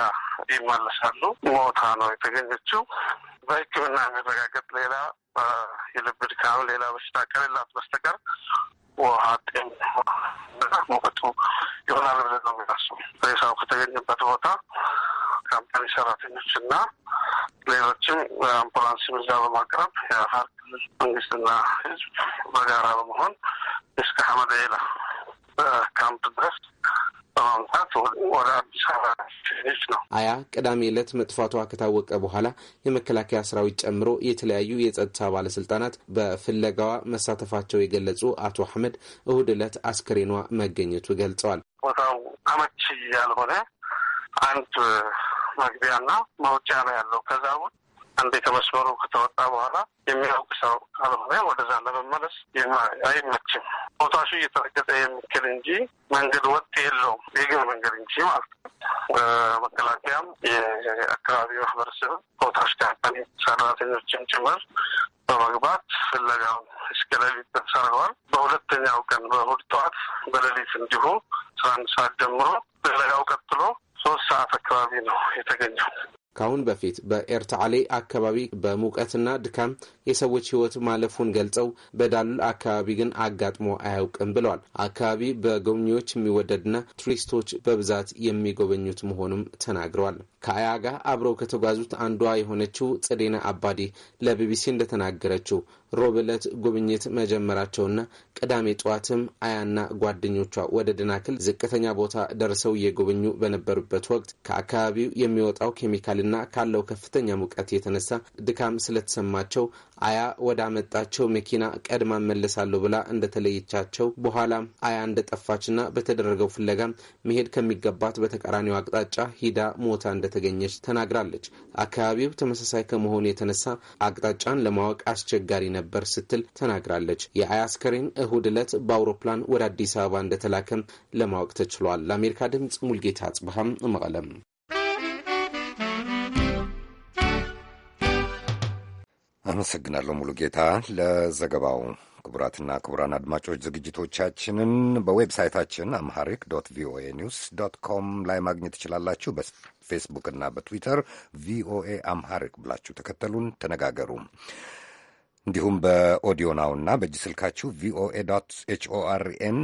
ይመለሳሉ። ሞታ ነው የተገኘችው። በሕክምና የሚረጋገጥ ሌላ የልብ ድካም ሌላ በሽታ ከሌላት በስተቀር ውሃ ጤን ሙቀቱ ይሆናል ብለን ነው የሚታስቡ። ሬሳው ከተገኘበት ቦታ ካምፓኒ ሰራተኞች እና ሌሎችም አምቡላንስ ምዛ በማቅረብ የአፋር ክልል መንግስትና ህዝብ በጋራ በመሆን እስከ ሀመድ ሌላ ካምፕ ድረስ በማምጣት ወደ አዲስ አበባ ነው። አያ ቅዳሜ ዕለት መጥፋቷ ከታወቀ በኋላ የመከላከያ ሰራዊት ጨምሮ የተለያዩ የጸጥታ ባለስልጣናት በፍለጋዋ መሳተፋቸው የገለጹ አቶ አህመድ እሁድ ዕለት አስክሬኗ መገኘቱ ገልጸዋል። ቦታው አመቺ ያልሆነ አንድ መግቢያና መውጫ ነው ያለው። ከዛ ውጭ አንዴ ከመስመሩ ከተወጣ በኋላ የሚያውቅ ሰው ካልሆነ ወደዛ ለመመለስ አይመችም። ቦታሹ እየተረገጠ የሚክል እንጂ መንገድ ወጥ የለውም። የግብ መንገድ እንጂ ማለት ነው። በመከላከያም የአካባቢ ማህበረሰብ ቦታሽ ካምፓኒ ሰራተኞችን ጭምር በመግባት ፍለጋውን እስከ ሌሊት በሁለተኛው ቀን በእሑድ ጠዋት በሌሊት እንዲሁ አስራ አንድ ሰዓት ጀምሮ ፍለጋው ቀጥሎ ሶስት ሰዓት አካባቢ ነው የተገኘው። ከአሁን በፊት በኤርታሌ አካባቢ በሙቀትና ድካም የሰዎች ህይወት ማለፉን ገልጸው በዳሉል አካባቢ ግን አጋጥሞ አያውቅም ብለዋል። አካባቢ በጎብኚዎች የሚወደድና ቱሪስቶች በብዛት የሚጎበኙት መሆኑም ተናግረዋል። ከአያ ጋር አብረው ከተጓዙት አንዷ የሆነችው ጽዴና አባዴ ለቢቢሲ እንደተናገረችው ሮብ ዕለት ጉብኝት መጀመራቸውና ቅዳሜ ጠዋትም አያና ጓደኞቿ ወደ ደናክል ዝቅተኛ ቦታ ደርሰው እየጎበኙ በነበሩበት ወቅት ከአካባቢው የሚወጣው ኬሚካልና ካለው ከፍተኛ ሙቀት የተነሳ ድካም ስለተሰማቸው አያ ወዳመጣቸው መኪና ቀድማ መለሳለሁ ብላ እንደተለየቻቸው በኋላም አያ እንደጠፋችና በተደረገው ፍለጋም መሄድ ከሚገባት በተቃራኒው አቅጣጫ ሂዳ ሞታ እንደተገኘች ተናግራለች። አካባቢው ተመሳሳይ ከመሆኑ የተነሳ አቅጣጫን ለማወቅ አስቸጋሪ ነው ነበር ስትል ተናግራለች። የአያስከሬን እሁድ ዕለት በአውሮፕላን ወደ አዲስ አበባ እንደተላከም ለማወቅ ተችሏል። ለአሜሪካ ድምፅ ሙልጌታ አጽብሃም መቀለም። አመሰግናለሁ ሙሉጌታ ለዘገባው። ክቡራትና ክቡራን አድማጮች ዝግጅቶቻችንን በዌብሳይታችን አምሃሪክ ዶት ቪኦኤ ኒውስ ዶት ኮም ላይ ማግኘት ትችላላችሁ። በፌስቡክና በትዊተር ቪኦኤ አምሃሪክ ብላችሁ ተከተሉን፣ ተነጋገሩ። እንዲሁም በኦዲዮ ናውና በእጅ ስልካችሁ ቪኦኤ ኤችኦአርኤን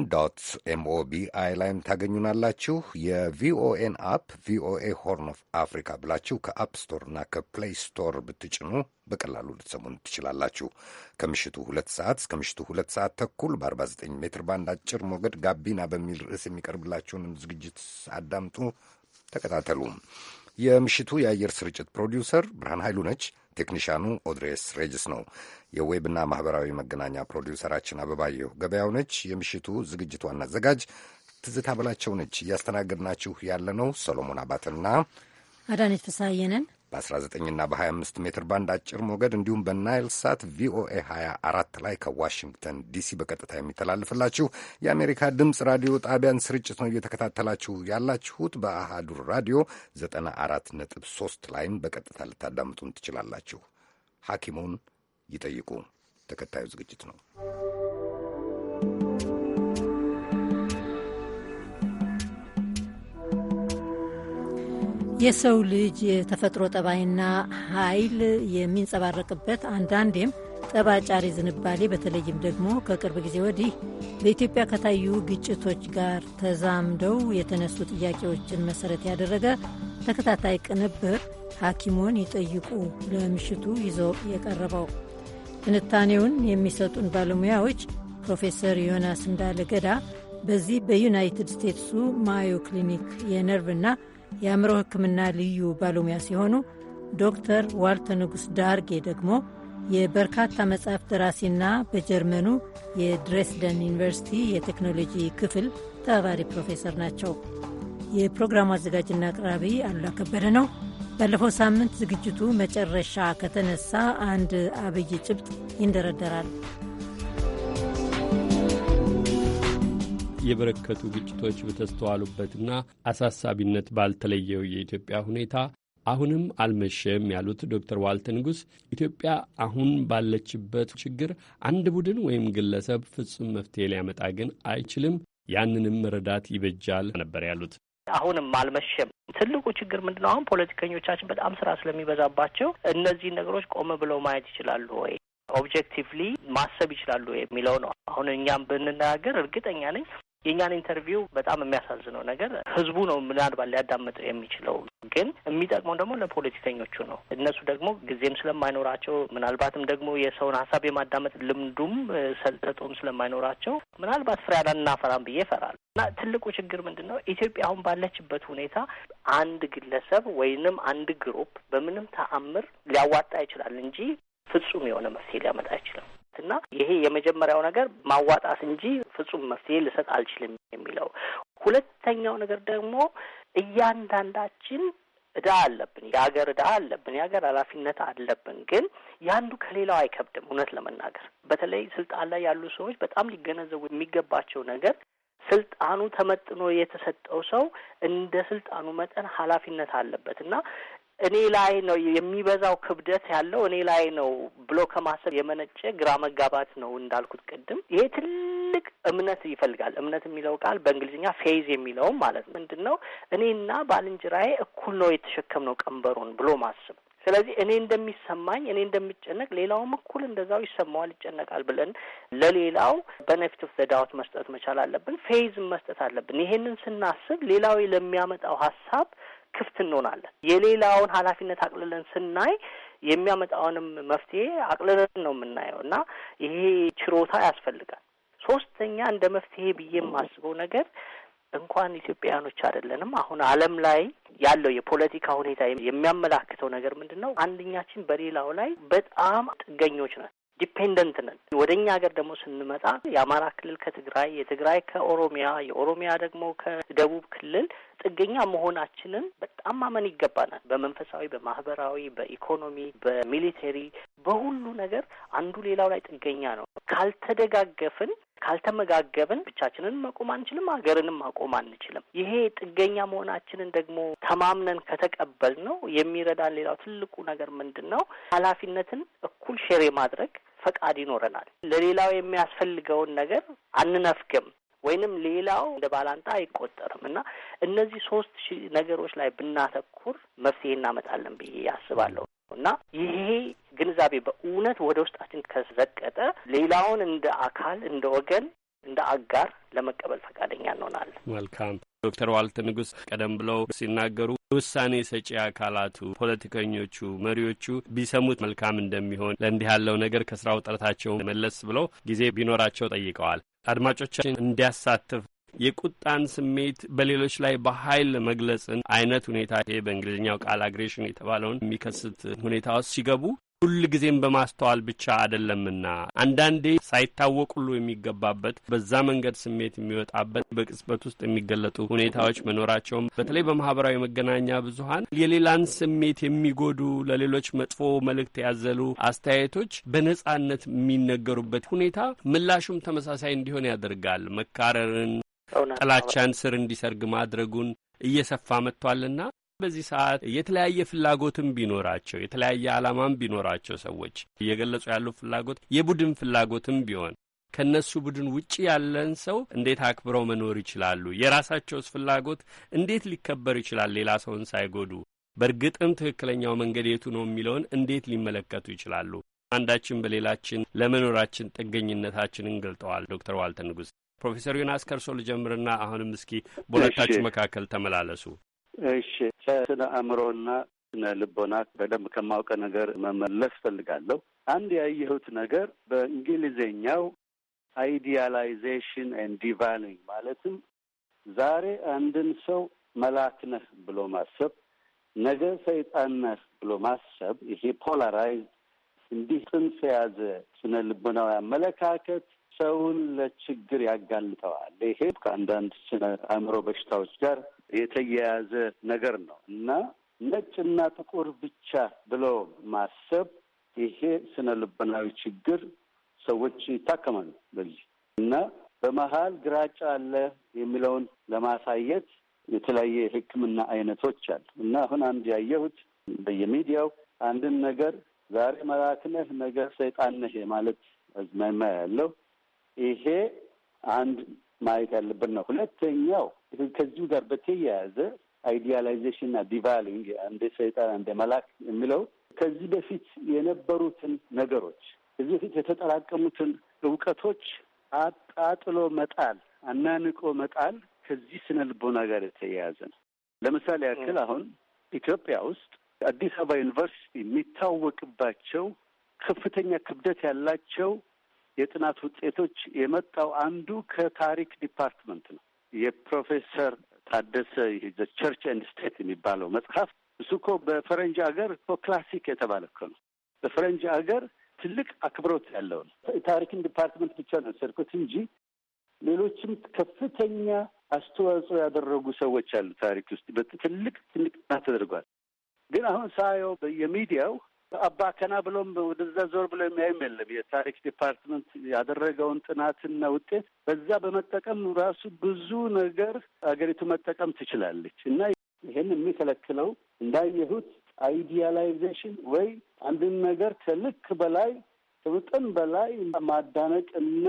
ኤምኦቢአይ ላይም ታገኙናላችሁ። የቪኦኤን አፕ ቪኦኤ ሆርን ኦፍ አፍሪካ ብላችሁ ከአፕ ስቶርና ከፕሌይ ስቶር ብትጭኑ በቀላሉ ልትሰሙን ትችላላችሁ። ከምሽቱ ሁለት ሰዓት እስከ ምሽቱ ሁለት ሰዓት ተኩል በ49 ሜትር ባንድ አጭር ሞገድ ጋቢና በሚል ርዕስ የሚቀርብላችሁንም ዝግጅት አዳምጡ፣ ተከታተሉ። የምሽቱ የአየር ስርጭት ፕሮዲውሰር ብርሃን ኃይሉ ነች። ቴክኒሻኑ ኦድሬስ ሬጅስ ነው። የዌብና ማኅበራዊ መገናኛ ፕሮዲውሰራችን አበባየሁ ገበያው ነች። የምሽቱ ዝግጅት ዋና አዘጋጅ ትዝታ በላቸው ነች። እያስተናገድናችሁ ያለነው ሰሎሞን አባትና አዳነች ፍስሐዬ ነን። በ19ና በ25 ሜትር ባንድ አጭር ሞገድ እንዲሁም በናይል ሳት ቪኦኤ 24 ላይ ከዋሽንግተን ዲሲ በቀጥታ የሚተላልፍላችሁ የአሜሪካ ድምፅ ራዲዮ ጣቢያን ስርጭት ነው እየተከታተላችሁ ያላችሁት። በአሃዱ ራዲዮ 94.3 ላይም በቀጥታ ልታዳምጡን ትችላላችሁ። ሐኪሙን ይጠይቁ ተከታዩ ዝግጅት ነው። የሰው ልጅ የተፈጥሮ ጠባይና ኃይል የሚንጸባረቅበት አንዳንዴም ጠባጫሪ ዝንባሌ በተለይም ደግሞ ከቅርብ ጊዜ ወዲህ በኢትዮጵያ ከታዩ ግጭቶች ጋር ተዛምደው የተነሱ ጥያቄዎችን መሰረት ያደረገ ተከታታይ ቅንብር ሐኪሙን ይጠይቁ ለምሽቱ ይዞ የቀረበው ትንታኔውን የሚሰጡን ባለሙያዎች ፕሮፌሰር ዮናስ እንዳለ ገዳ በዚህ በዩናይትድ ስቴትሱ ማዮ ክሊኒክ የነርቭና የአእምሮ ሕክምና ልዩ ባለሙያ ሲሆኑ ዶክተር ዋልተ ንጉሥ ዳርጌ ደግሞ የበርካታ መጽሐፍ ደራሲና በጀርመኑ የድሬስደን ዩኒቨርሲቲ የቴክኖሎጂ ክፍል ተባባሪ ፕሮፌሰር ናቸው። የፕሮግራሙ አዘጋጅና አቅራቢ አሉላ ከበደ ነው። ባለፈው ሳምንት ዝግጅቱ መጨረሻ ከተነሳ አንድ አብይ ጭብጥ ይንደረደራል። የበረከቱ ግጭቶች በተስተዋሉበትና አሳሳቢነት ባልተለየው የኢትዮጵያ ሁኔታ አሁንም አልመሸም ያሉት ዶክተር ዋልተ ንጉሥ ኢትዮጵያ አሁን ባለችበት ችግር አንድ ቡድን ወይም ግለሰብ ፍጹም መፍትሄ ሊያመጣ ግን አይችልም፣ ያንንም መረዳት ይበጃል ነበር ያሉት። አሁንም አልመሸም። ትልቁ ችግር ምንድነው? አሁን ፖለቲከኞቻችን በጣም ስራ ስለሚበዛባቸው እነዚህን ነገሮች ቆም ብለው ማየት ይችላሉ ወይ ኦብጀክቲቭሊ ማሰብ ይችላሉ የሚለው ነው። አሁን እኛም ብንነጋገር እርግጠኛ ነኝ የእኛን ኢንተርቪው በጣም የሚያሳዝነው ነገር ህዝቡ ነው ምናልባት ሊያዳምጥ የሚችለው፣ ግን የሚጠቅመው ደግሞ ለፖለቲከኞቹ ነው። እነሱ ደግሞ ጊዜም ስለማይኖራቸው ምናልባትም ደግሞ የሰውን ሀሳብ የማዳመጥ ልምዱም ሰልጠጦም ስለማይኖራቸው ምናልባት ፍሬ አናፈራም ብዬ እፈራለሁ። እና ትልቁ ችግር ምንድን ነው? ኢትዮጵያ አሁን ባለችበት ሁኔታ አንድ ግለሰብ ወይንም አንድ ግሩፕ በምንም ተአምር ሊያዋጣ ይችላል እንጂ ፍጹም የሆነ መፍትሄ ሊያመጣ አይችልም። እና ይሄ የመጀመሪያው ነገር ማዋጣት እንጂ ፍጹም መፍትሄ ልሰጥ አልችልም የሚለው። ሁለተኛው ነገር ደግሞ እያንዳንዳችን እዳ አለብን። የሀገር እዳ አለብን። የሀገር ኃላፊነት አለብን። ግን ያንዱ ከሌላው አይከብድም። እውነት ለመናገር በተለይ ስልጣን ላይ ያሉ ሰዎች በጣም ሊገነዘቡ የሚገባቸው ነገር ስልጣኑ ተመጥኖ የተሰጠው ሰው እንደ ስልጣኑ መጠን ኃላፊነት አለበት እና እኔ ላይ ነው የሚበዛው ክብደት ያለው እኔ ላይ ነው ብሎ ከማሰብ የመነጨ ግራ መጋባት ነው እንዳልኩት ቅድም። ይሄ ትልቅ እምነት ይፈልጋል። እምነት የሚለው ቃል በእንግሊዝኛ ፌዝ የሚለውም ማለት ነው። ምንድን ነው እኔና ባልንጀራዬ እኩል ነው የተሸከምነው ቀንበሩን ብሎ ማሰብ። ስለዚህ እኔ እንደሚሰማኝ እኔ እንደሚጨነቅ ሌላውም እኩል እንደዛው ይሰማዋል፣ ይጨነቃል ብለን ለሌላው በነፊት ኦፍ ዘ መስጠት መቻል አለብን። ፌዝም መስጠት አለብን። ይሄንን ስናስብ ሌላው ለሚያመጣው ሀሳብ ክፍት እንሆናለን። የሌላውን ኃላፊነት አቅልለን ስናይ የሚያመጣውንም መፍትሄ አቅልለን ነው የምናየው እና ይሄ ችሮታ ያስፈልጋል። ሶስተኛ እንደ መፍትሄ ብዬ የማስበው ነገር እንኳን ኢትዮጵያውያኖች አይደለንም አሁን ዓለም ላይ ያለው የፖለቲካ ሁኔታ የሚያመላክተው ነገር ምንድን ነው? አንደኛችን በሌላው ላይ በጣም ጥገኞች ነን። ዲፔንደንት ነን። ወደ እኛ ሀገር ደግሞ ስንመጣ የአማራ ክልል ከትግራይ፣ የትግራይ ከኦሮሚያ፣ የኦሮሚያ ደግሞ ከደቡብ ክልል ጥገኛ መሆናችንን በጣም ማመን ይገባናል። በመንፈሳዊ፣ በማህበራዊ፣ በኢኮኖሚ፣ በሚሊቴሪ፣ በሁሉ ነገር አንዱ ሌላው ላይ ጥገኛ ነው። ካልተደጋገፍን ካልተመጋገብን ብቻችንን መቆም አንችልም፣ ሀገርንም ማቆም አንችልም። ይሄ ጥገኛ መሆናችንን ደግሞ ተማምነን ከተቀበል ነው የሚረዳን። ሌላው ትልቁ ነገር ምንድን ነው? ኃላፊነትን እኩል ሼር የማድረግ ፈቃድ ይኖረናል። ለሌላው የሚያስፈልገውን ነገር አንነፍግም ወይንም ሌላው እንደ ባላንጣ አይቆጠርም እና እነዚህ ሶስት ነገሮች ላይ ብናተኩር መፍትሄ እናመጣለን ብዬ ያስባለሁ እና ይሄ ግንዛቤ በእውነት ወደ ውስጣችን ከዘቀጠ ሌላውን እንደ አካል፣ እንደ ወገን፣ እንደ አጋር ለመቀበል ፈቃደኛ እንሆናለን። መልካም ዶክተር ዋልተ ንጉስ ቀደም ብለው ሲናገሩ ውሳኔ ሰጪ አካላቱ ፖለቲከኞቹ፣ መሪዎቹ ቢሰሙት መልካም እንደሚሆን ለእንዲህ ያለው ነገር ከስራ ውጥረታቸው መለስ ብለው ጊዜ ቢኖራቸው ጠይቀዋል። አድማጮቻችን እንዲያሳትፍ የቁጣን ስሜት በሌሎች ላይ በኃይል መግለጽን አይነት ሁኔታ ይሄ በእንግሊዝኛው ቃል አግሬሽን የተባለውን የሚከስት ሁኔታ ውስጥ ሲገቡ ሁልጊዜም በማስተዋል ብቻ አይደለምና አንዳንዴ ሳይታወቅ ሁሉ የሚገባበት በዛ መንገድ ስሜት የሚወጣበት በቅጽበት ውስጥ የሚገለጡ ሁኔታዎች መኖራቸውም በተለይ በማህበራዊ መገናኛ ብዙኃን የሌላን ስሜት የሚጎዱ ለሌሎች መጥፎ መልእክት ያዘሉ አስተያየቶች በነጻነት የሚነገሩበት ሁኔታ ምላሹም ተመሳሳይ እንዲሆን ያደርጋል። መካረርን፣ ጥላቻን ስር እንዲሰርግ ማድረጉን እየሰፋ መጥቷልና በዚህ ሰዓት የተለያየ ፍላጎትም ቢኖራቸው የተለያየ ዓላማም ቢኖራቸው ሰዎች እየገለጹ ያለው ፍላጎት የቡድን ፍላጎትም ቢሆን ከእነሱ ቡድን ውጭ ያለን ሰው እንዴት አክብረው መኖር ይችላሉ? የራሳቸውስ ፍላጎት እንዴት ሊከበር ይችላል? ሌላ ሰውን ሳይጎዱ በእርግጥም ትክክለኛው መንገድ የቱ ነው የሚለውን እንዴት ሊመለከቱ ይችላሉ? አንዳችን በሌላችን ለመኖራችን ጥገኝነታችንን ገልጠዋል ዶክተር ዋልተ ንጉሥ። ፕሮፌሰር ዮናስ ከርሶ ልጀምርና አሁንም እስኪ በሁለታችሁ መካከል ተመላለሱ። እሺ ስለ አእምሮና ስነ ልቦና በደንብ ከማውቀ ነገር መመለስ ፈልጋለሁ። አንድ ያየሁት ነገር በእንግሊዝኛው አይዲያላይዜሽን ኤንድ ዲቫሊንግ ማለትም ዛሬ አንድን ሰው መላክ ነህ ብሎ ማሰብ፣ ነገ ሰይጣን ነህ ብሎ ማሰብ ይሄ ፖላራይዝ እንዲህ ጥንስ የያዘ ስነ ልቦናዊ አመለካከት ሰውን ለችግር ያጋልጠዋል። ይሄ ከአንዳንድ ስነ አእምሮ በሽታዎች ጋር የተያያዘ ነገር ነው እና ነጭና ጥቁር ብቻ ብሎ ማሰብ ይሄ ስነ ልቦናዊ ችግር ሰዎች ይታከማሉ በዚህ እና በመሀል ግራጫ አለ የሚለውን ለማሳየት የተለያየ የሕክምና አይነቶች አሉ እና አሁን አንድ ያየሁት በየሚዲያው አንድን ነገር ዛሬ መልአክ ነህ ነገ ሰይጣን ነህ ማለት አዝማሚያ ያለው ይሄ አንድ ማየት ያለብን ነው። ሁለተኛው ከዚሁ ጋር በተያያዘ አይዲያላይዜሽን እና ዲቫሊንግ እንደ ሰይጣን እንደ መላክ የሚለው ከዚህ በፊት የነበሩትን ነገሮች ከዚህ በፊት የተጠራቀሙትን እውቀቶች አጣጥሎ መጣል፣ አናንቆ መጣል ከዚህ ስነ ልቦና ጋር የተያያዘ ነው። ለምሳሌ ያክል አሁን ኢትዮጵያ ውስጥ አዲስ አበባ ዩኒቨርሲቲ የሚታወቅባቸው ከፍተኛ ክብደት ያላቸው የጥናት ውጤቶች የመጣው አንዱ ከታሪክ ዲፓርትመንት ነው። የፕሮፌሰር ታደሰ ቸርች ኤንድ ስቴት የሚባለው መጽሐፍ እሱ እኮ በፈረንጅ ሀገር እኮ ክላሲክ የተባለ እኮ ነው። በፈረንጅ ሀገር ትልቅ አክብሮት ያለው ነው። ታሪክን ዲፓርትመንት ብቻ ነው የወሰድኩት እንጂ ሌሎችም ከፍተኛ አስተዋጽኦ ያደረጉ ሰዎች አሉ። ታሪክ ውስጥ ትልቅ ትልቅ ጥናት ተደርጓል። ግን አሁን ሳየው የሚዲያው አባከና ብሎም ወደዛ ዞር ብሎ የሚያይም የለም። የታሪክ ዲፓርትመንት ያደረገውን ጥናትና ውጤት በዛ በመጠቀም ራሱ ብዙ ነገር አገሪቱ መጠቀም ትችላለች እና ይህን የሚከለክለው እንዳየሁት አይዲያላይዜሽን ወይ አንድን ነገር ከልክ በላይ ከመጠን በላይ ማዳነቅ እና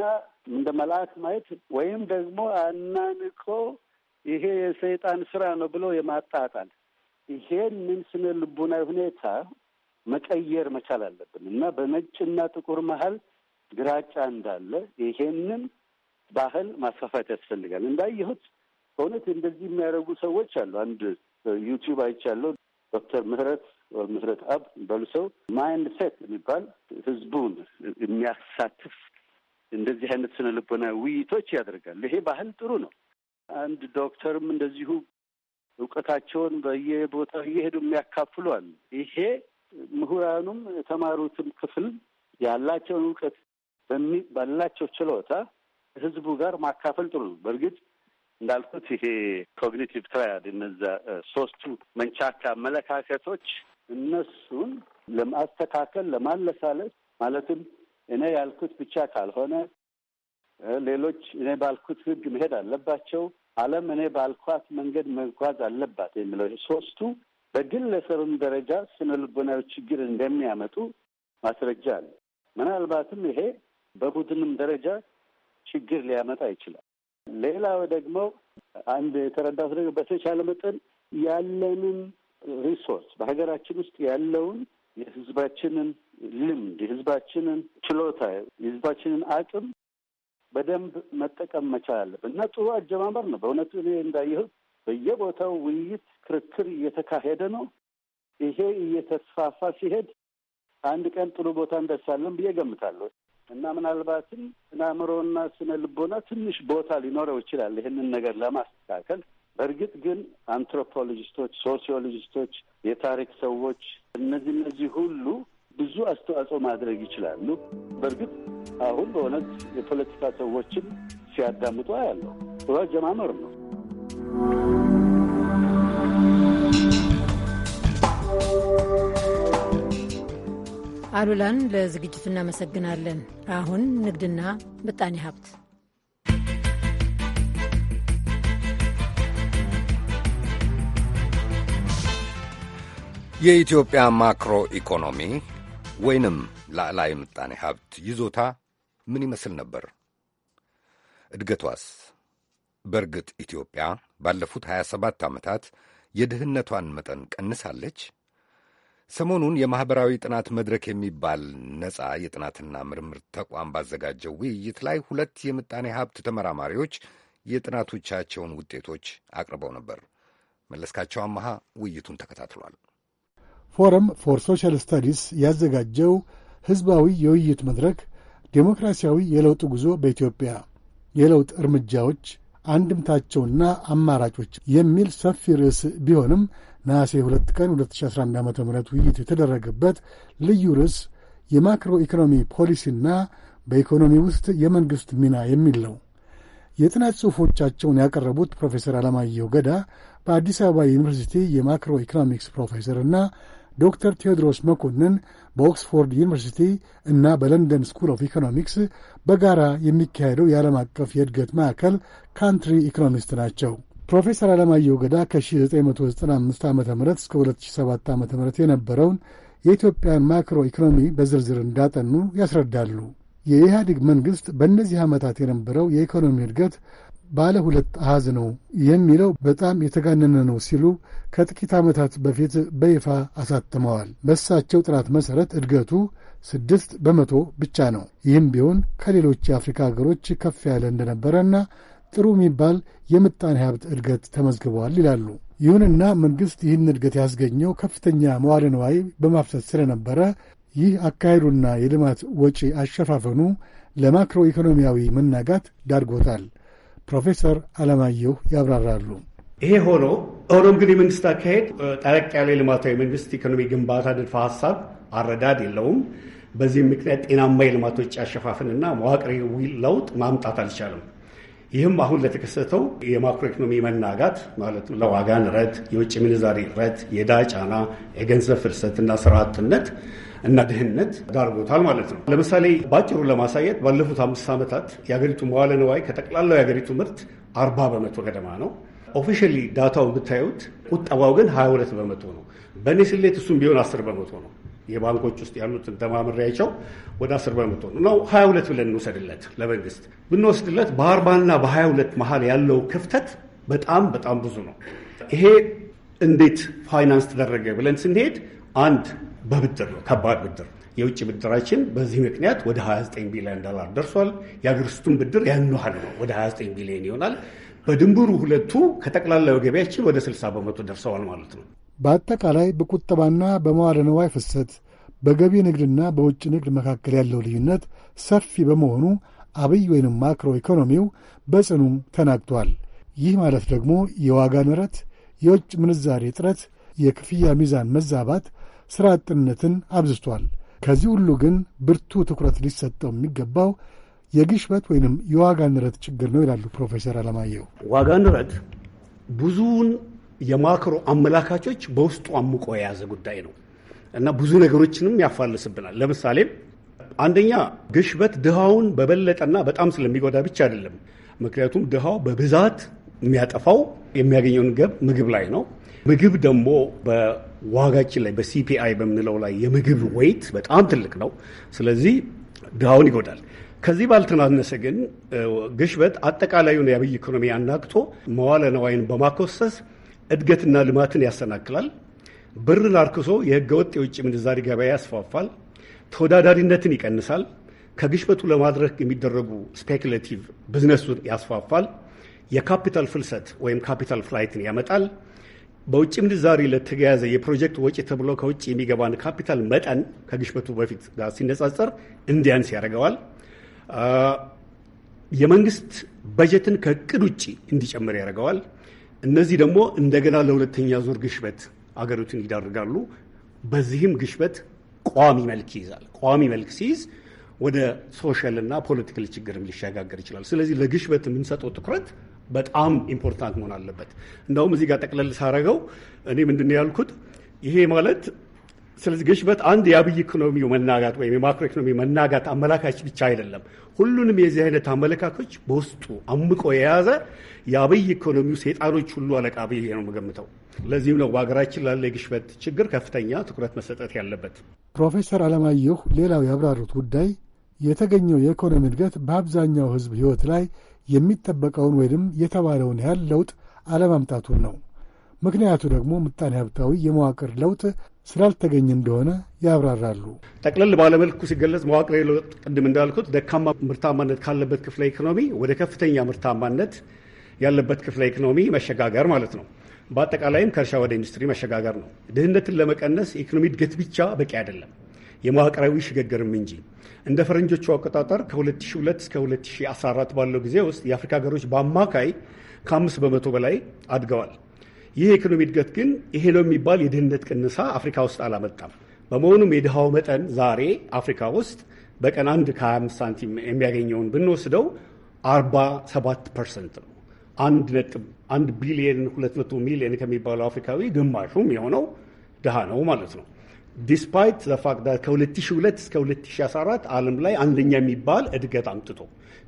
እንደ መልአክ ማየት ወይም ደግሞ አናንቆ ይሄ የሰይጣን ስራ ነው ብሎ የማጣጣል ይሄንን ስነ ልቡናዊ ሁኔታ መቀየር መቻል አለብን እና በነጭና ጥቁር መሀል ግራጫ እንዳለ ይሄንን ባህል ማስፋፋት ያስፈልጋል። እንዳየሁት በእውነት እንደዚህ የሚያደርጉ ሰዎች አሉ። አንድ ዩቲዩብ አይቻለሁ። ዶክተር ምህረት ምህረት አብ በሉ ሰው ማይንድ ሴት የሚባል ህዝቡን የሚያሳትፍ እንደዚህ አይነት ስነ ልቦና ውይይቶች ያደርጋሉ። ይሄ ባህል ጥሩ ነው። አንድ ዶክተርም እንደዚሁ እውቀታቸውን በየቦታው እየሄዱ የሚያካፍሉ አሉ። ይሄ ምሁራኑም የተማሩትን ክፍል ያላቸውን እውቀት ባላቸው ችሎታ ህዝቡ ጋር ማካፈል ጥሩ ነው። በእርግጥ እንዳልኩት ይሄ ኮግኒቲቭ ትራያድ እነዛ ሶስቱ መንቻካ አመለካከቶች እነሱን ለማስተካከል ለማለሳለስ ማለትም እኔ ያልኩት ብቻ ካልሆነ ሌሎች እኔ ባልኩት ህግ መሄድ አለባቸው፣ ዓለም እኔ ባልኳት መንገድ መጓዝ አለባት የሚለው ሶስቱ በግለሰብም ደረጃ ልቦናዊ ችግር እንደሚያመጡ ማስረጃ አለ። ምናልባትም ይሄ በቡድንም ደረጃ ችግር ሊያመጣ ይችላል። ሌላው ደግሞ አንድ የተረዳሁት ደግሞ በተቻለ መጠን ያለንን ሪሶርስ በሀገራችን ውስጥ ያለውን የህዝባችንን ልምድ፣ የህዝባችንን ችሎታ፣ የህዝባችንን አቅም በደንብ መጠቀም መቻል አለብን እና ጥሩ አጀማመር ነው። በእውነቱ እኔ እንዳየሁት በየቦታው ውይይት፣ ክርክር እየተካሄደ ነው። ይሄ እየተስፋፋ ሲሄድ አንድ ቀን ጥሩ ቦታ እንደርሳለን ብዬ ገምታለሁ እና ምናልባትም ስናምሮና ስነ ልቦና ትንሽ ቦታ ሊኖረው ይችላል ይህንን ነገር ለማስተካከል። በእርግጥ ግን አንትሮፖሎጂስቶች፣ ሶሲዮሎጂስቶች፣ የታሪክ ሰዎች እነዚህ እነዚህ ሁሉ ብዙ አስተዋጽኦ ማድረግ ይችላሉ። በእርግጥ አሁን በእውነት የፖለቲካ ሰዎችን ሲያዳምጡ ያለው ጀማመር ነው። አሉላን ለዝግጅቱ እናመሰግናለን። አሁን ንግድና ምጣኔ ሀብት የኢትዮጵያ ማክሮ ኢኮኖሚ ወይንም ላዕላይ ምጣኔ ሀብት ይዞታ ምን ይመስል ነበር? እድገቷስ? በእርግጥ ኢትዮጵያ ባለፉት 27 ዓመታት የድህነቷን መጠን ቀንሳለች? ሰሞኑን የማኅበራዊ ጥናት መድረክ የሚባል ነጻ የጥናትና ምርምር ተቋም ባዘጋጀው ውይይት ላይ ሁለት የምጣኔ ሀብት ተመራማሪዎች የጥናቶቻቸውን ውጤቶች አቅርበው ነበር። መለስካቸው አመሃ ውይይቱን ተከታትሏል። ፎረም ፎር ሶሻል ስታዲስ ያዘጋጀው ሕዝባዊ የውይይት መድረክ ዴሞክራሲያዊ የለውጥ ጉዞ በኢትዮጵያ የለውጥ እርምጃዎች አንድምታቸውና አማራጮች የሚል ሰፊ ርዕስ ቢሆንም ነሐሴ 2 ቀን 2011 ዓ ም ውይይት የተደረገበት ልዩ ርዕስ የማክሮ ኢኮኖሚ ፖሊሲና በኢኮኖሚ ውስጥ የመንግሥት ሚና የሚል ነው። የጥናት ጽሑፎቻቸውን ያቀረቡት ፕሮፌሰር አለማየሁ ገዳ በአዲስ አበባ ዩኒቨርሲቲ የማክሮ ኢኮኖሚክስ ፕሮፌሰር እና ዶክተር ቴዎድሮስ መኮንን በኦክስፎርድ ዩኒቨርሲቲ እና በለንደን ስኩል ኦፍ ኢኮኖሚክስ በጋራ የሚካሄደው የዓለም አቀፍ የእድገት ማዕከል ካንትሪ ኢኮኖሚስት ናቸው። ፕሮፌሰር አለማየሁ ገዳ ከ1995 ዓ ም እስከ 2007 ዓ ም የነበረውን የኢትዮጵያን ማክሮ ኢኮኖሚ በዝርዝር እንዳጠኑ ያስረዳሉ። የኢህአዴግ መንግሥት በእነዚህ ዓመታት የነበረው የኢኮኖሚ እድገት ባለ ሁለት አሃዝ ነው የሚለው በጣም የተጋነነ ነው ሲሉ ከጥቂት ዓመታት በፊት በይፋ አሳትመዋል። በእሳቸው ጥናት መሠረት እድገቱ ስድስት በመቶ ብቻ ነው። ይህም ቢሆን ከሌሎች የአፍሪካ ሀገሮች ከፍ ያለ እንደነበረና ጥሩ የሚባል የምጣኔ ሀብት እድገት ተመዝግበዋል ይላሉ። ይሁንና መንግሥት ይህን እድገት ያስገኘው ከፍተኛ መዋለ ንዋይ በማፍሰስ ስለነበረ ይህ አካሄዱና የልማት ወጪ አሸፋፈኑ ለማክሮ ኢኮኖሚያዊ መናጋት ዳርጎታል። ፕሮፌሰር አለማየሁ ያብራራሉ። ይሄ ሆኖ ሆኖም ግን የመንግስት አካሄድ ጠለቅ ያለ የልማታዊ መንግስት ኢኮኖሚ ግንባታ ንድፈ ሀሳብ አረዳድ የለውም። በዚህም ምክንያት ጤናማ የልማቶች አሸፋፍንና መዋቅራዊ ለውጥ ማምጣት አልቻለም። ይህም አሁን ለተከሰተው የማክሮ ኢኮኖሚ መናጋት ማለት ለዋጋ ንረት፣ የውጭ ምንዛሪ ረት፣ የዳ ጫና፣ የገንዘብ ፍርሰትና ስራ አጥነት እና ድህነት ዳርጎታል ማለት ነው። ለምሳሌ በአጭሩ ለማሳየት ባለፉት አምስት ዓመታት የአገሪቱ መዋለ ንዋይ ከጠቅላላው የአገሪቱ ምርት አርባ በመቶ ገደማ ነው። ኦፊሻሊ ዳታውን ብታዩት ቁጠባው ግን 22 በመቶ ነው። በእኔ ስሌት እሱም ቢሆን 10 በመቶ ነው። የባንኮች ውስጥ ያሉትን ተማምሬያቸው ወደ አስር በመቶ ነው። ሀያ ሁለት ብለን እንውሰድለት ለመንግስት ብንወስድለት በአርባና በሀያ ሁለት መሀል ያለው ክፍተት በጣም በጣም ብዙ ነው። ይሄ እንዴት ፋይናንስ ተደረገ ብለን ስንሄድ አንድ በብድር ነው፣ ከባድ ብድር የውጭ ብድራችን በዚህ ምክንያት ወደ 29 ቢሊዮን ዶላር ደርሷል። የአገር ውስጡን ብድር ያን ነው፣ ወደ 29 ቢሊዮን ይሆናል። በድንብሩ ሁለቱ ከጠቅላላው ገቢያችን ወደ 60 በመቶ ደርሰዋል ማለት ነው። በአጠቃላይ በቁጠባና በመዋለ ንዋይ ፍሰት በገቢ ንግድና በውጭ ንግድ መካከል ያለው ልዩነት ሰፊ በመሆኑ አብይ ወይንም ማክሮ ኢኮኖሚው በጽኑ ተናግቷል። ይህ ማለት ደግሞ የዋጋ ንረት፣ የውጭ ምንዛሬ እጥረት፣ የክፍያ ሚዛን መዛባት ሥራ አጥነትን አብዝቷል። ከዚህ ሁሉ ግን ብርቱ ትኩረት ሊሰጠው የሚገባው የግሽበት ወይንም የዋጋ ንረት ችግር ነው ይላሉ ፕሮፌሰር አለማየሁ። ዋጋ ንረት ብዙውን የማክሮ አመላካቾች በውስጡ አምቆ የያዘ ጉዳይ ነው እና ብዙ ነገሮችንም ያፋልስብናል። ለምሳሌ አንደኛ ግሽበት ድሃውን በበለጠና በጣም ስለሚጎዳ ብቻ አይደለም። ምክንያቱም ድሃው በብዛት የሚያጠፋው የሚያገኘውን ገብ ምግብ ላይ ነው። ምግብ ደግሞ በዋጋችን ላይ በሲፒአይ በምንለው ላይ የምግብ ወይት በጣም ትልቅ ነው። ስለዚህ ድሃውን ይጎዳል። ከዚህ ባልተናነሰ ግን ግሽበት አጠቃላዩን የአብይ ኢኮኖሚ አናግቶ መዋለ ነዋይን በማኮሰስ እድገትና ልማትን ያሰናክላል። ብርን አርክሶ የህገወጥ የውጭ ምንዛሪ ገበያ ያስፋፋል። ተወዳዳሪነትን ይቀንሳል። ከግሽበቱ ለማድረግ የሚደረጉ ስፔኩሌቲቭ ብዝነሱን ያስፋፋል። የካፒታል ፍልሰት ወይም ካፒታል ፍላይትን ያመጣል። በውጭ ምንዛሪ ለተገያዘ የፕሮጀክት ወጪ ተብሎ ከውጭ የሚገባን ካፒታል መጠን ከግሽበቱ በፊት ጋር ሲነጻጸር እንዲያንስ ያደርገዋል። የመንግስት በጀትን ከእቅድ ውጭ እንዲጨምር ያደርገዋል። እነዚህ ደግሞ እንደገና ለሁለተኛ ዙር ግሽበት አገሪቱን ይዳርጋሉ። በዚህም ግሽበት ቋሚ መልክ ይይዛል። ቋሚ መልክ ሲይዝ ወደ ሶሻል እና ፖለቲካል ችግርም ሊሸጋገር ይችላል። ስለዚህ ለግሽበት የምንሰጠው ትኩረት በጣም ኢምፖርታንት መሆን አለበት። እንደውም እዚህ ጋር ጠቅለል ሳረገው እኔ ምንድን ነው ያልኩት ይሄ ማለት ስለዚህ ግሽበት አንድ የአብይ ኢኮኖሚ መናጋት ወይም የማክሮ ኢኮኖሚ መናጋት አመላካች ብቻ አይደለም። ሁሉንም የዚህ አይነት አመለካከቶች በውስጡ አምቆ የያዘ የአብይ ኢኮኖሚው ሴጣኖች ሁሉ አለቃ ብዬ ነው የምገምተው። ለዚህም ነው በሀገራችን ላለ የግሽበት ችግር ከፍተኛ ትኩረት መሰጠት ያለበት። ፕሮፌሰር አለማየሁ ሌላው ያብራሩት ጉዳይ የተገኘው የኢኮኖሚ እድገት በአብዛኛው ሕዝብ ሕይወት ላይ የሚጠበቀውን ወይም የተባለውን ያህል ለውጥ አለማምጣቱን ነው። ምክንያቱ ደግሞ ምጣኔ ሀብታዊ የመዋቅር ለውጥ ስላልተገኘ እንደሆነ ያብራራሉ። ጠቅለል ባለመልኩ ሲገለጽ መዋቅር ለውጥ ቅድም እንዳልኩት ደካማ ምርታማነት ካለበት ክፍለ ኢኮኖሚ ወደ ከፍተኛ ምርታማነት ያለበት ክፍለ ኢኮኖሚ መሸጋገር ማለት ነው። በአጠቃላይም ከእርሻ ወደ ኢንዱስትሪ መሸጋገር ነው። ድህነትን ለመቀነስ የኢኮኖሚ እድገት ብቻ በቂ አይደለም፣ የመዋቅራዊ ሽግግርም እንጂ። እንደ ፈረንጆቹ አቆጣጠር ከ2002 እስከ 2014 ባለው ጊዜ ውስጥ የአፍሪካ ሀገሮች በአማካይ ከአምስት በመቶ በላይ አድገዋል። ይህ የኢኮኖሚ እድገት ግን ይሄ ነው የሚባል የድህነት ቅነሳ አፍሪካ ውስጥ አላመጣም። በመሆኑም የድሃው መጠን ዛሬ አፍሪካ ውስጥ በቀን አንድ ከ25 ሳንቲም የሚያገኘውን ብንወስደው 47 ፐርሰንት ነው። አንድ ነጥብ አንድ ቢሊየን 200 ሚሊየን ከሚባለው አፍሪካዊ ግማሹም የሆነው ድሃ ነው ማለት ነው። ዲስፓይት ዘፋክት ከ2002 እስከ 2014 ዓለም ላይ አንደኛ የሚባል እድገት አምጥቶ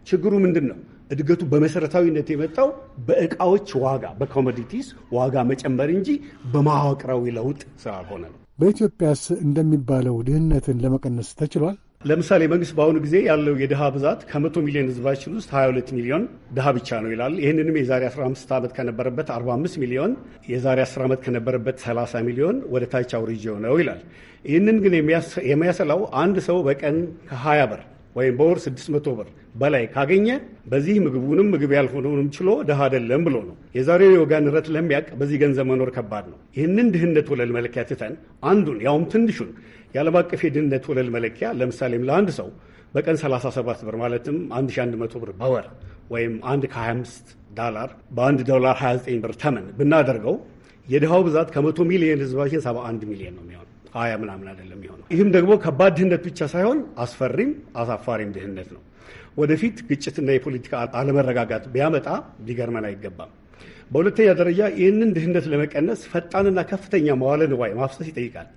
ችግሩ ምንድን ነው? እድገቱ በመሰረታዊነት የመጣው በእቃዎች ዋጋ በኮሞዲቲስ ዋጋ መጨመር እንጂ በማዋቅራዊ ለውጥ ስላልሆነ ነው። በኢትዮጵያስ እንደሚባለው ድህነትን ለመቀነስ ተችሏል? ለምሳሌ መንግስት በአሁኑ ጊዜ ያለው የድሃ ብዛት ከመቶ ሚሊዮን ህዝባችን ውስጥ 22 ሚሊዮን ድሃ ብቻ ነው ይላል። ይህንንም የዛሬ 15 ዓመት ከነበረበት 45 ሚሊዮን፣ የዛሬ 10 ዓመት ከነበረበት 30 ሚሊዮን ወደ ታች አውርጄው ነው ይላል። ይህንን ግን የሚያሰላው አንድ ሰው በቀን ከ20 ብር ወይም በወር 600 ብር በላይ ካገኘ በዚህ ምግቡንም ምግብ ያልሆነውንም ችሎ ድሃ አይደለም ብሎ ነው። የዛሬው የዋጋ ንረት ለሚያውቅ በዚህ ገንዘብ መኖር ከባድ ነው። ይህንን ድህነት ወለል መለኪያ ትተን አንዱን ያውም ትንሹን የዓለም አቀፍ የድህነት ወለል መለኪያ ለምሳሌም ለአንድ ሰው በቀን 37 ብር ማለትም 1100 ብር በወር ወይም አንድ ከ25 ዳላር በአንድ ዶላር 29 ብር ተመን ብናደርገው የድሃው ብዛት ከ100 ሚሊዮን ህዝባችን 71 ሚሊዮን ነው የሚሆነው። ሀያ ምናምን አይደለም የሚሆነው። ይህም ደግሞ ከባድ ድህነት ብቻ ሳይሆን አስፈሪም አሳፋሪም ድህነት ነው። ወደፊት ግጭትና የፖለቲካ አለመረጋጋት ቢያመጣ ሊገርመን አይገባም። በሁለተኛ ደረጃ ይህንን ድህነት ለመቀነስ ፈጣንና ከፍተኛ መዋለ ንዋይ ማፍሰስ ይጠይቃል።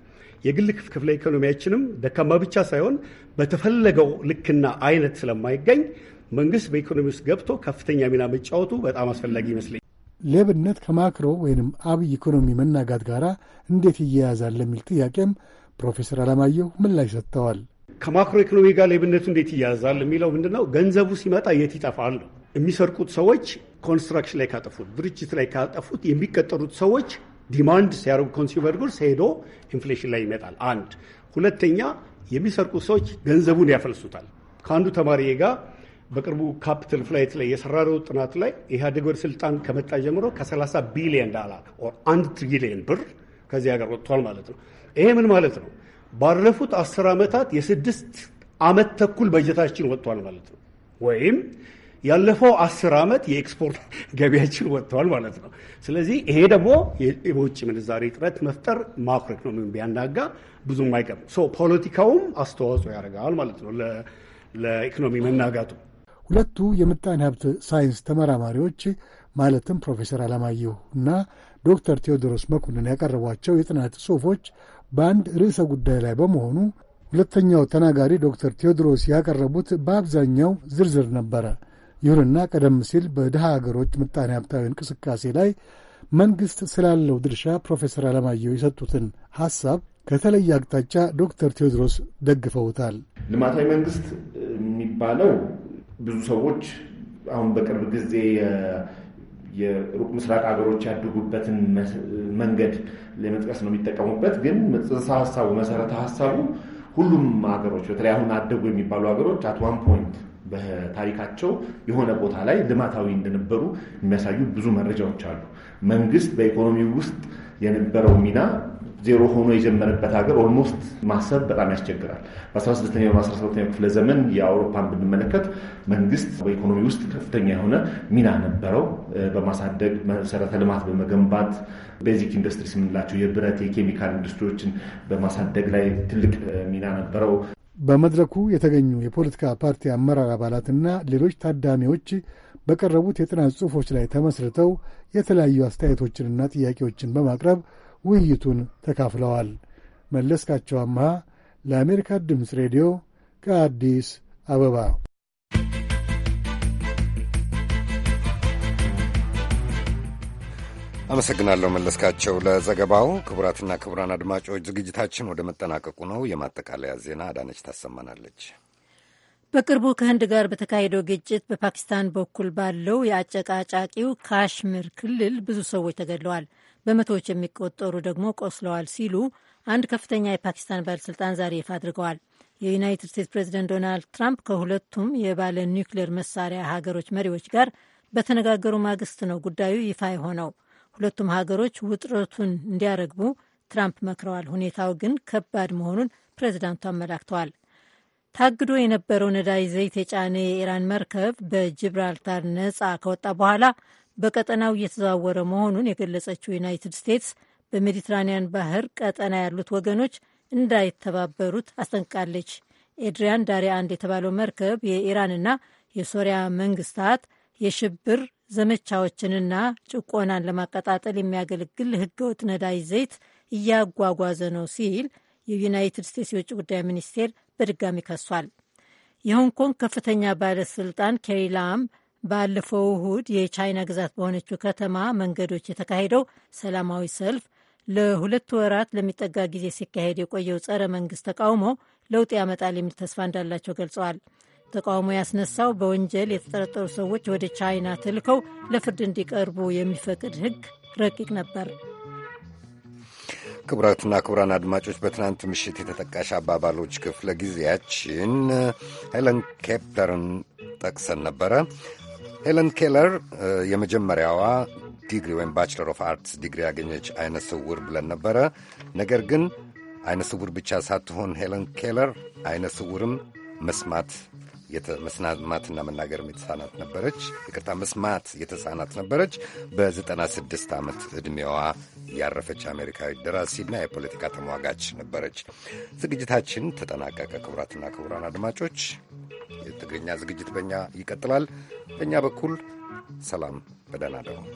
የግል ክፍለ ኢኮኖሚያችንም ደካማ ብቻ ሳይሆን በተፈለገው ልክና አይነት ስለማይገኝ መንግስት በኢኮኖሚ ውስጥ ገብቶ ከፍተኛ ሚና መጫወቱ በጣም አስፈላጊ ይመስለኛል። ሌብነት ከማክሮ ወይንም አብይ ኢኮኖሚ መናጋት ጋር እንዴት ይያያዛል ለሚል ጥያቄም ፕሮፌሰር አለማየሁ ምላሽ ሰጥተዋል። ከማክሮ ኢኮኖሚ ጋር ሌብነቱ እንዴት ይያያዛል የሚለው ምንድነው? ገንዘቡ ሲመጣ የት ይጠፋል የሚሰርቁት ሰዎች ኮንስትራክሽን ላይ ካጠፉት፣ ድርጅት ላይ ካጠፉት፣ የሚቀጠሩት ሰዎች ዲማንድ ሲያደርጉ ኮንሱመር ጉድስ ሄዶ ኢንፍሌሽን ላይ ይመጣል። አንድ ሁለተኛ፣ የሚሰርቁት ሰዎች ገንዘቡን ያፈልሱታል። ከአንዱ ተማሪ ጋር በቅርቡ ካፒታል ፍላይት ላይ የሰራረው ጥናት ላይ ኢህአዴግ ወደ ስልጣን ከመጣ ጀምሮ ከ30 ቢሊዮን ዳላር አንድ ትሪሊዮን ብር ከዚህ ሀገር ወጥቷል ማለት ነው። ይሄ ምን ማለት ነው? ባለፉት አስር ዓመታት የስድስት ዓመት ተኩል በጀታችን ወጥቷል ማለት ነው። ወይም ያለፈው አስር ዓመት የኤክስፖርት ገቢያችን ወጥተዋል ማለት ነው። ስለዚህ ይሄ ደግሞ የውጭ ምንዛሬ እጥረት መፍጠር ማክሮ ኢኮኖሚውን ቢያናጋ ብዙም አይቀርም። ፖለቲካውም አስተዋጽኦ ያደርጋል ማለት ነው ለኢኮኖሚ መናጋቱ። ሁለቱ የምጣኔ ሀብት ሳይንስ ተመራማሪዎች ማለትም ፕሮፌሰር አለማየሁ እና ዶክተር ቴዎድሮስ መኮንን ያቀረቧቸው የጥናት ጽሑፎች በአንድ ርዕሰ ጉዳይ ላይ በመሆኑ ሁለተኛው ተናጋሪ ዶክተር ቴዎድሮስ ያቀረቡት በአብዛኛው ዝርዝር ነበረ። ይሁንና ቀደም ሲል በድሃ አገሮች ምጣኔ ሀብታዊ እንቅስቃሴ ላይ መንግሥት ስላለው ድርሻ ፕሮፌሰር አለማየሁ የሰጡትን ሐሳብ ከተለየ አቅጣጫ ዶክተር ቴዎድሮስ ደግፈውታል። ልማታዊ መንግሥት የሚባለው ብዙ ሰዎች አሁን በቅርብ ጊዜ የሩቅ ምስራቅ ሀገሮች ያደጉበትን መንገድ ለመጥቀስ ነው የሚጠቀሙበት። ግን ጽንሰ ሀሳቡ መሰረተ ሀሳቡ ሁሉም ሀገሮች በተለይ አሁን አደጉ የሚባሉ ሀገሮች አት ዋን ፖይንት በታሪካቸው የሆነ ቦታ ላይ ልማታዊ እንደነበሩ የሚያሳዩ ብዙ መረጃዎች አሉ። መንግስት በኢኮኖሚ ውስጥ የነበረው ሚና ዜሮ ሆኖ የጀመረበት ሀገር ኦልሞስት ማሰብ በጣም ያስቸግራል። በ16ኛው በ17ኛው ክፍለ ዘመን የአውሮፓን ብንመለከት መንግስት በኢኮኖሚ ውስጥ ከፍተኛ የሆነ ሚና ነበረው። በማሳደግ መሰረተ ልማት በመገንባት ቤዚክ ኢንዱስትሪስ የምንላቸው የብረት፣ የኬሚካል ኢንዱስትሪዎችን በማሳደግ ላይ ትልቅ ሚና ነበረው። በመድረኩ የተገኙ የፖለቲካ ፓርቲ አመራር አባላትና ሌሎች ታዳሚዎች በቀረቡት የጥናት ጽሑፎች ላይ ተመስርተው የተለያዩ አስተያየቶችንና ጥያቄዎችን በማቅረብ ውይይቱን ተካፍለዋል። መለስካቸው አምሃ ለአሜሪካ ድምፅ ሬዲዮ ከአዲስ አበባ። አመሰግናለሁ መለስካቸው ለዘገባው። ክቡራትና ክቡራን አድማጮች ዝግጅታችን ወደ መጠናቀቁ ነው። የማጠቃለያ ዜና አዳነች ታሰማናለች። በቅርቡ ከህንድ ጋር በተካሄደው ግጭት በፓኪስታን በኩል ባለው የአጨቃጫቂው ካሽሚር ክልል ብዙ ሰዎች ተገድለዋል። በመቶዎች የሚቆጠሩ ደግሞ ቆስለዋል ሲሉ አንድ ከፍተኛ የፓኪስታን ባለሥልጣን ዛሬ ይፋ አድርገዋል። የዩናይትድ ስቴትስ ፕሬዚደንት ዶናልድ ትራምፕ ከሁለቱም የባለ ኒውክሌር መሳሪያ ሀገሮች መሪዎች ጋር በተነጋገሩ ማግስት ነው ጉዳዩ ይፋ የሆነው። ሁለቱም ሀገሮች ውጥረቱን እንዲያረግቡ ትራምፕ መክረዋል። ሁኔታው ግን ከባድ መሆኑን ፕሬዚዳንቱ አመላክተዋል። ታግዶ የነበረው ነዳጅ ዘይት የጫነ የኢራን መርከብ በጂብራልታር ነጻ ከወጣ በኋላ በቀጠናው እየተዘዋወረ መሆኑን የገለጸችው ዩናይትድ ስቴትስ በሜዲትራኒያን ባህር ቀጠና ያሉት ወገኖች እንዳይተባበሩት አስጠንቅቃለች። ኤድሪያን ዳሪ አንድ የተባለው መርከብ የኢራንና የሶሪያ መንግስታት የሽብር ዘመቻዎችንና ጭቆናን ለማቀጣጠል የሚያገለግል ህገወጥ ነዳጅ ዘይት እያጓጓዘ ነው ሲል የዩናይትድ ስቴትስ የውጭ ጉዳይ ሚኒስቴር በድጋሚ ከሷል። የሆንግ ኮንግ ከፍተኛ ባለስልጣን ኬሪ ላም ባለፈው እሁድ የቻይና ግዛት በሆነችው ከተማ መንገዶች የተካሄደው ሰላማዊ ሰልፍ ለሁለት ወራት ለሚጠጋ ጊዜ ሲካሄድ የቆየው ጸረ መንግስት ተቃውሞ ለውጥ ያመጣል የሚል ተስፋ እንዳላቸው ገልጸዋል። ተቃውሞ ያስነሳው በወንጀል የተጠረጠሩ ሰዎች ወደ ቻይና ተልከው ለፍርድ እንዲቀርቡ የሚፈቅድ ሕግ ረቂቅ ነበር። ክቡራትና ክቡራን አድማጮች በትናንት ምሽት የተጠቃሽ አባባሎች ክፍለ ጊዜያችን ሄለን ኬፕተርን ጠቅሰን ነበረ። ሄለን ኬለር የመጀመሪያዋ ዲግሪ ወይም ባችለር ኦፍ አርትስ ዲግሪ ያገኘች አይነ ስውር ብለን ነበረ። ነገር ግን አይነ ስውር ብቻ ሳትሆን ሄለን ኬለር አይነ ስውርም መስማት መስማትና መናገር የተሳናት ነበረች። ይቅርታ መስማት የተሳናት ነበረች። በ96 ዓመት ዕድሜዋ ያረፈች አሜሪካዊ ደራሲና የፖለቲካ ተሟጋች ነበረች። ዝግጅታችን ተጠናቀቀ። ክቡራትና ክቡራን አድማጮች የትግርኛ ዝግጅት በእኛ ይቀጥላል። በእኛ በኩል ሰላም፣ በደህና ደሩ።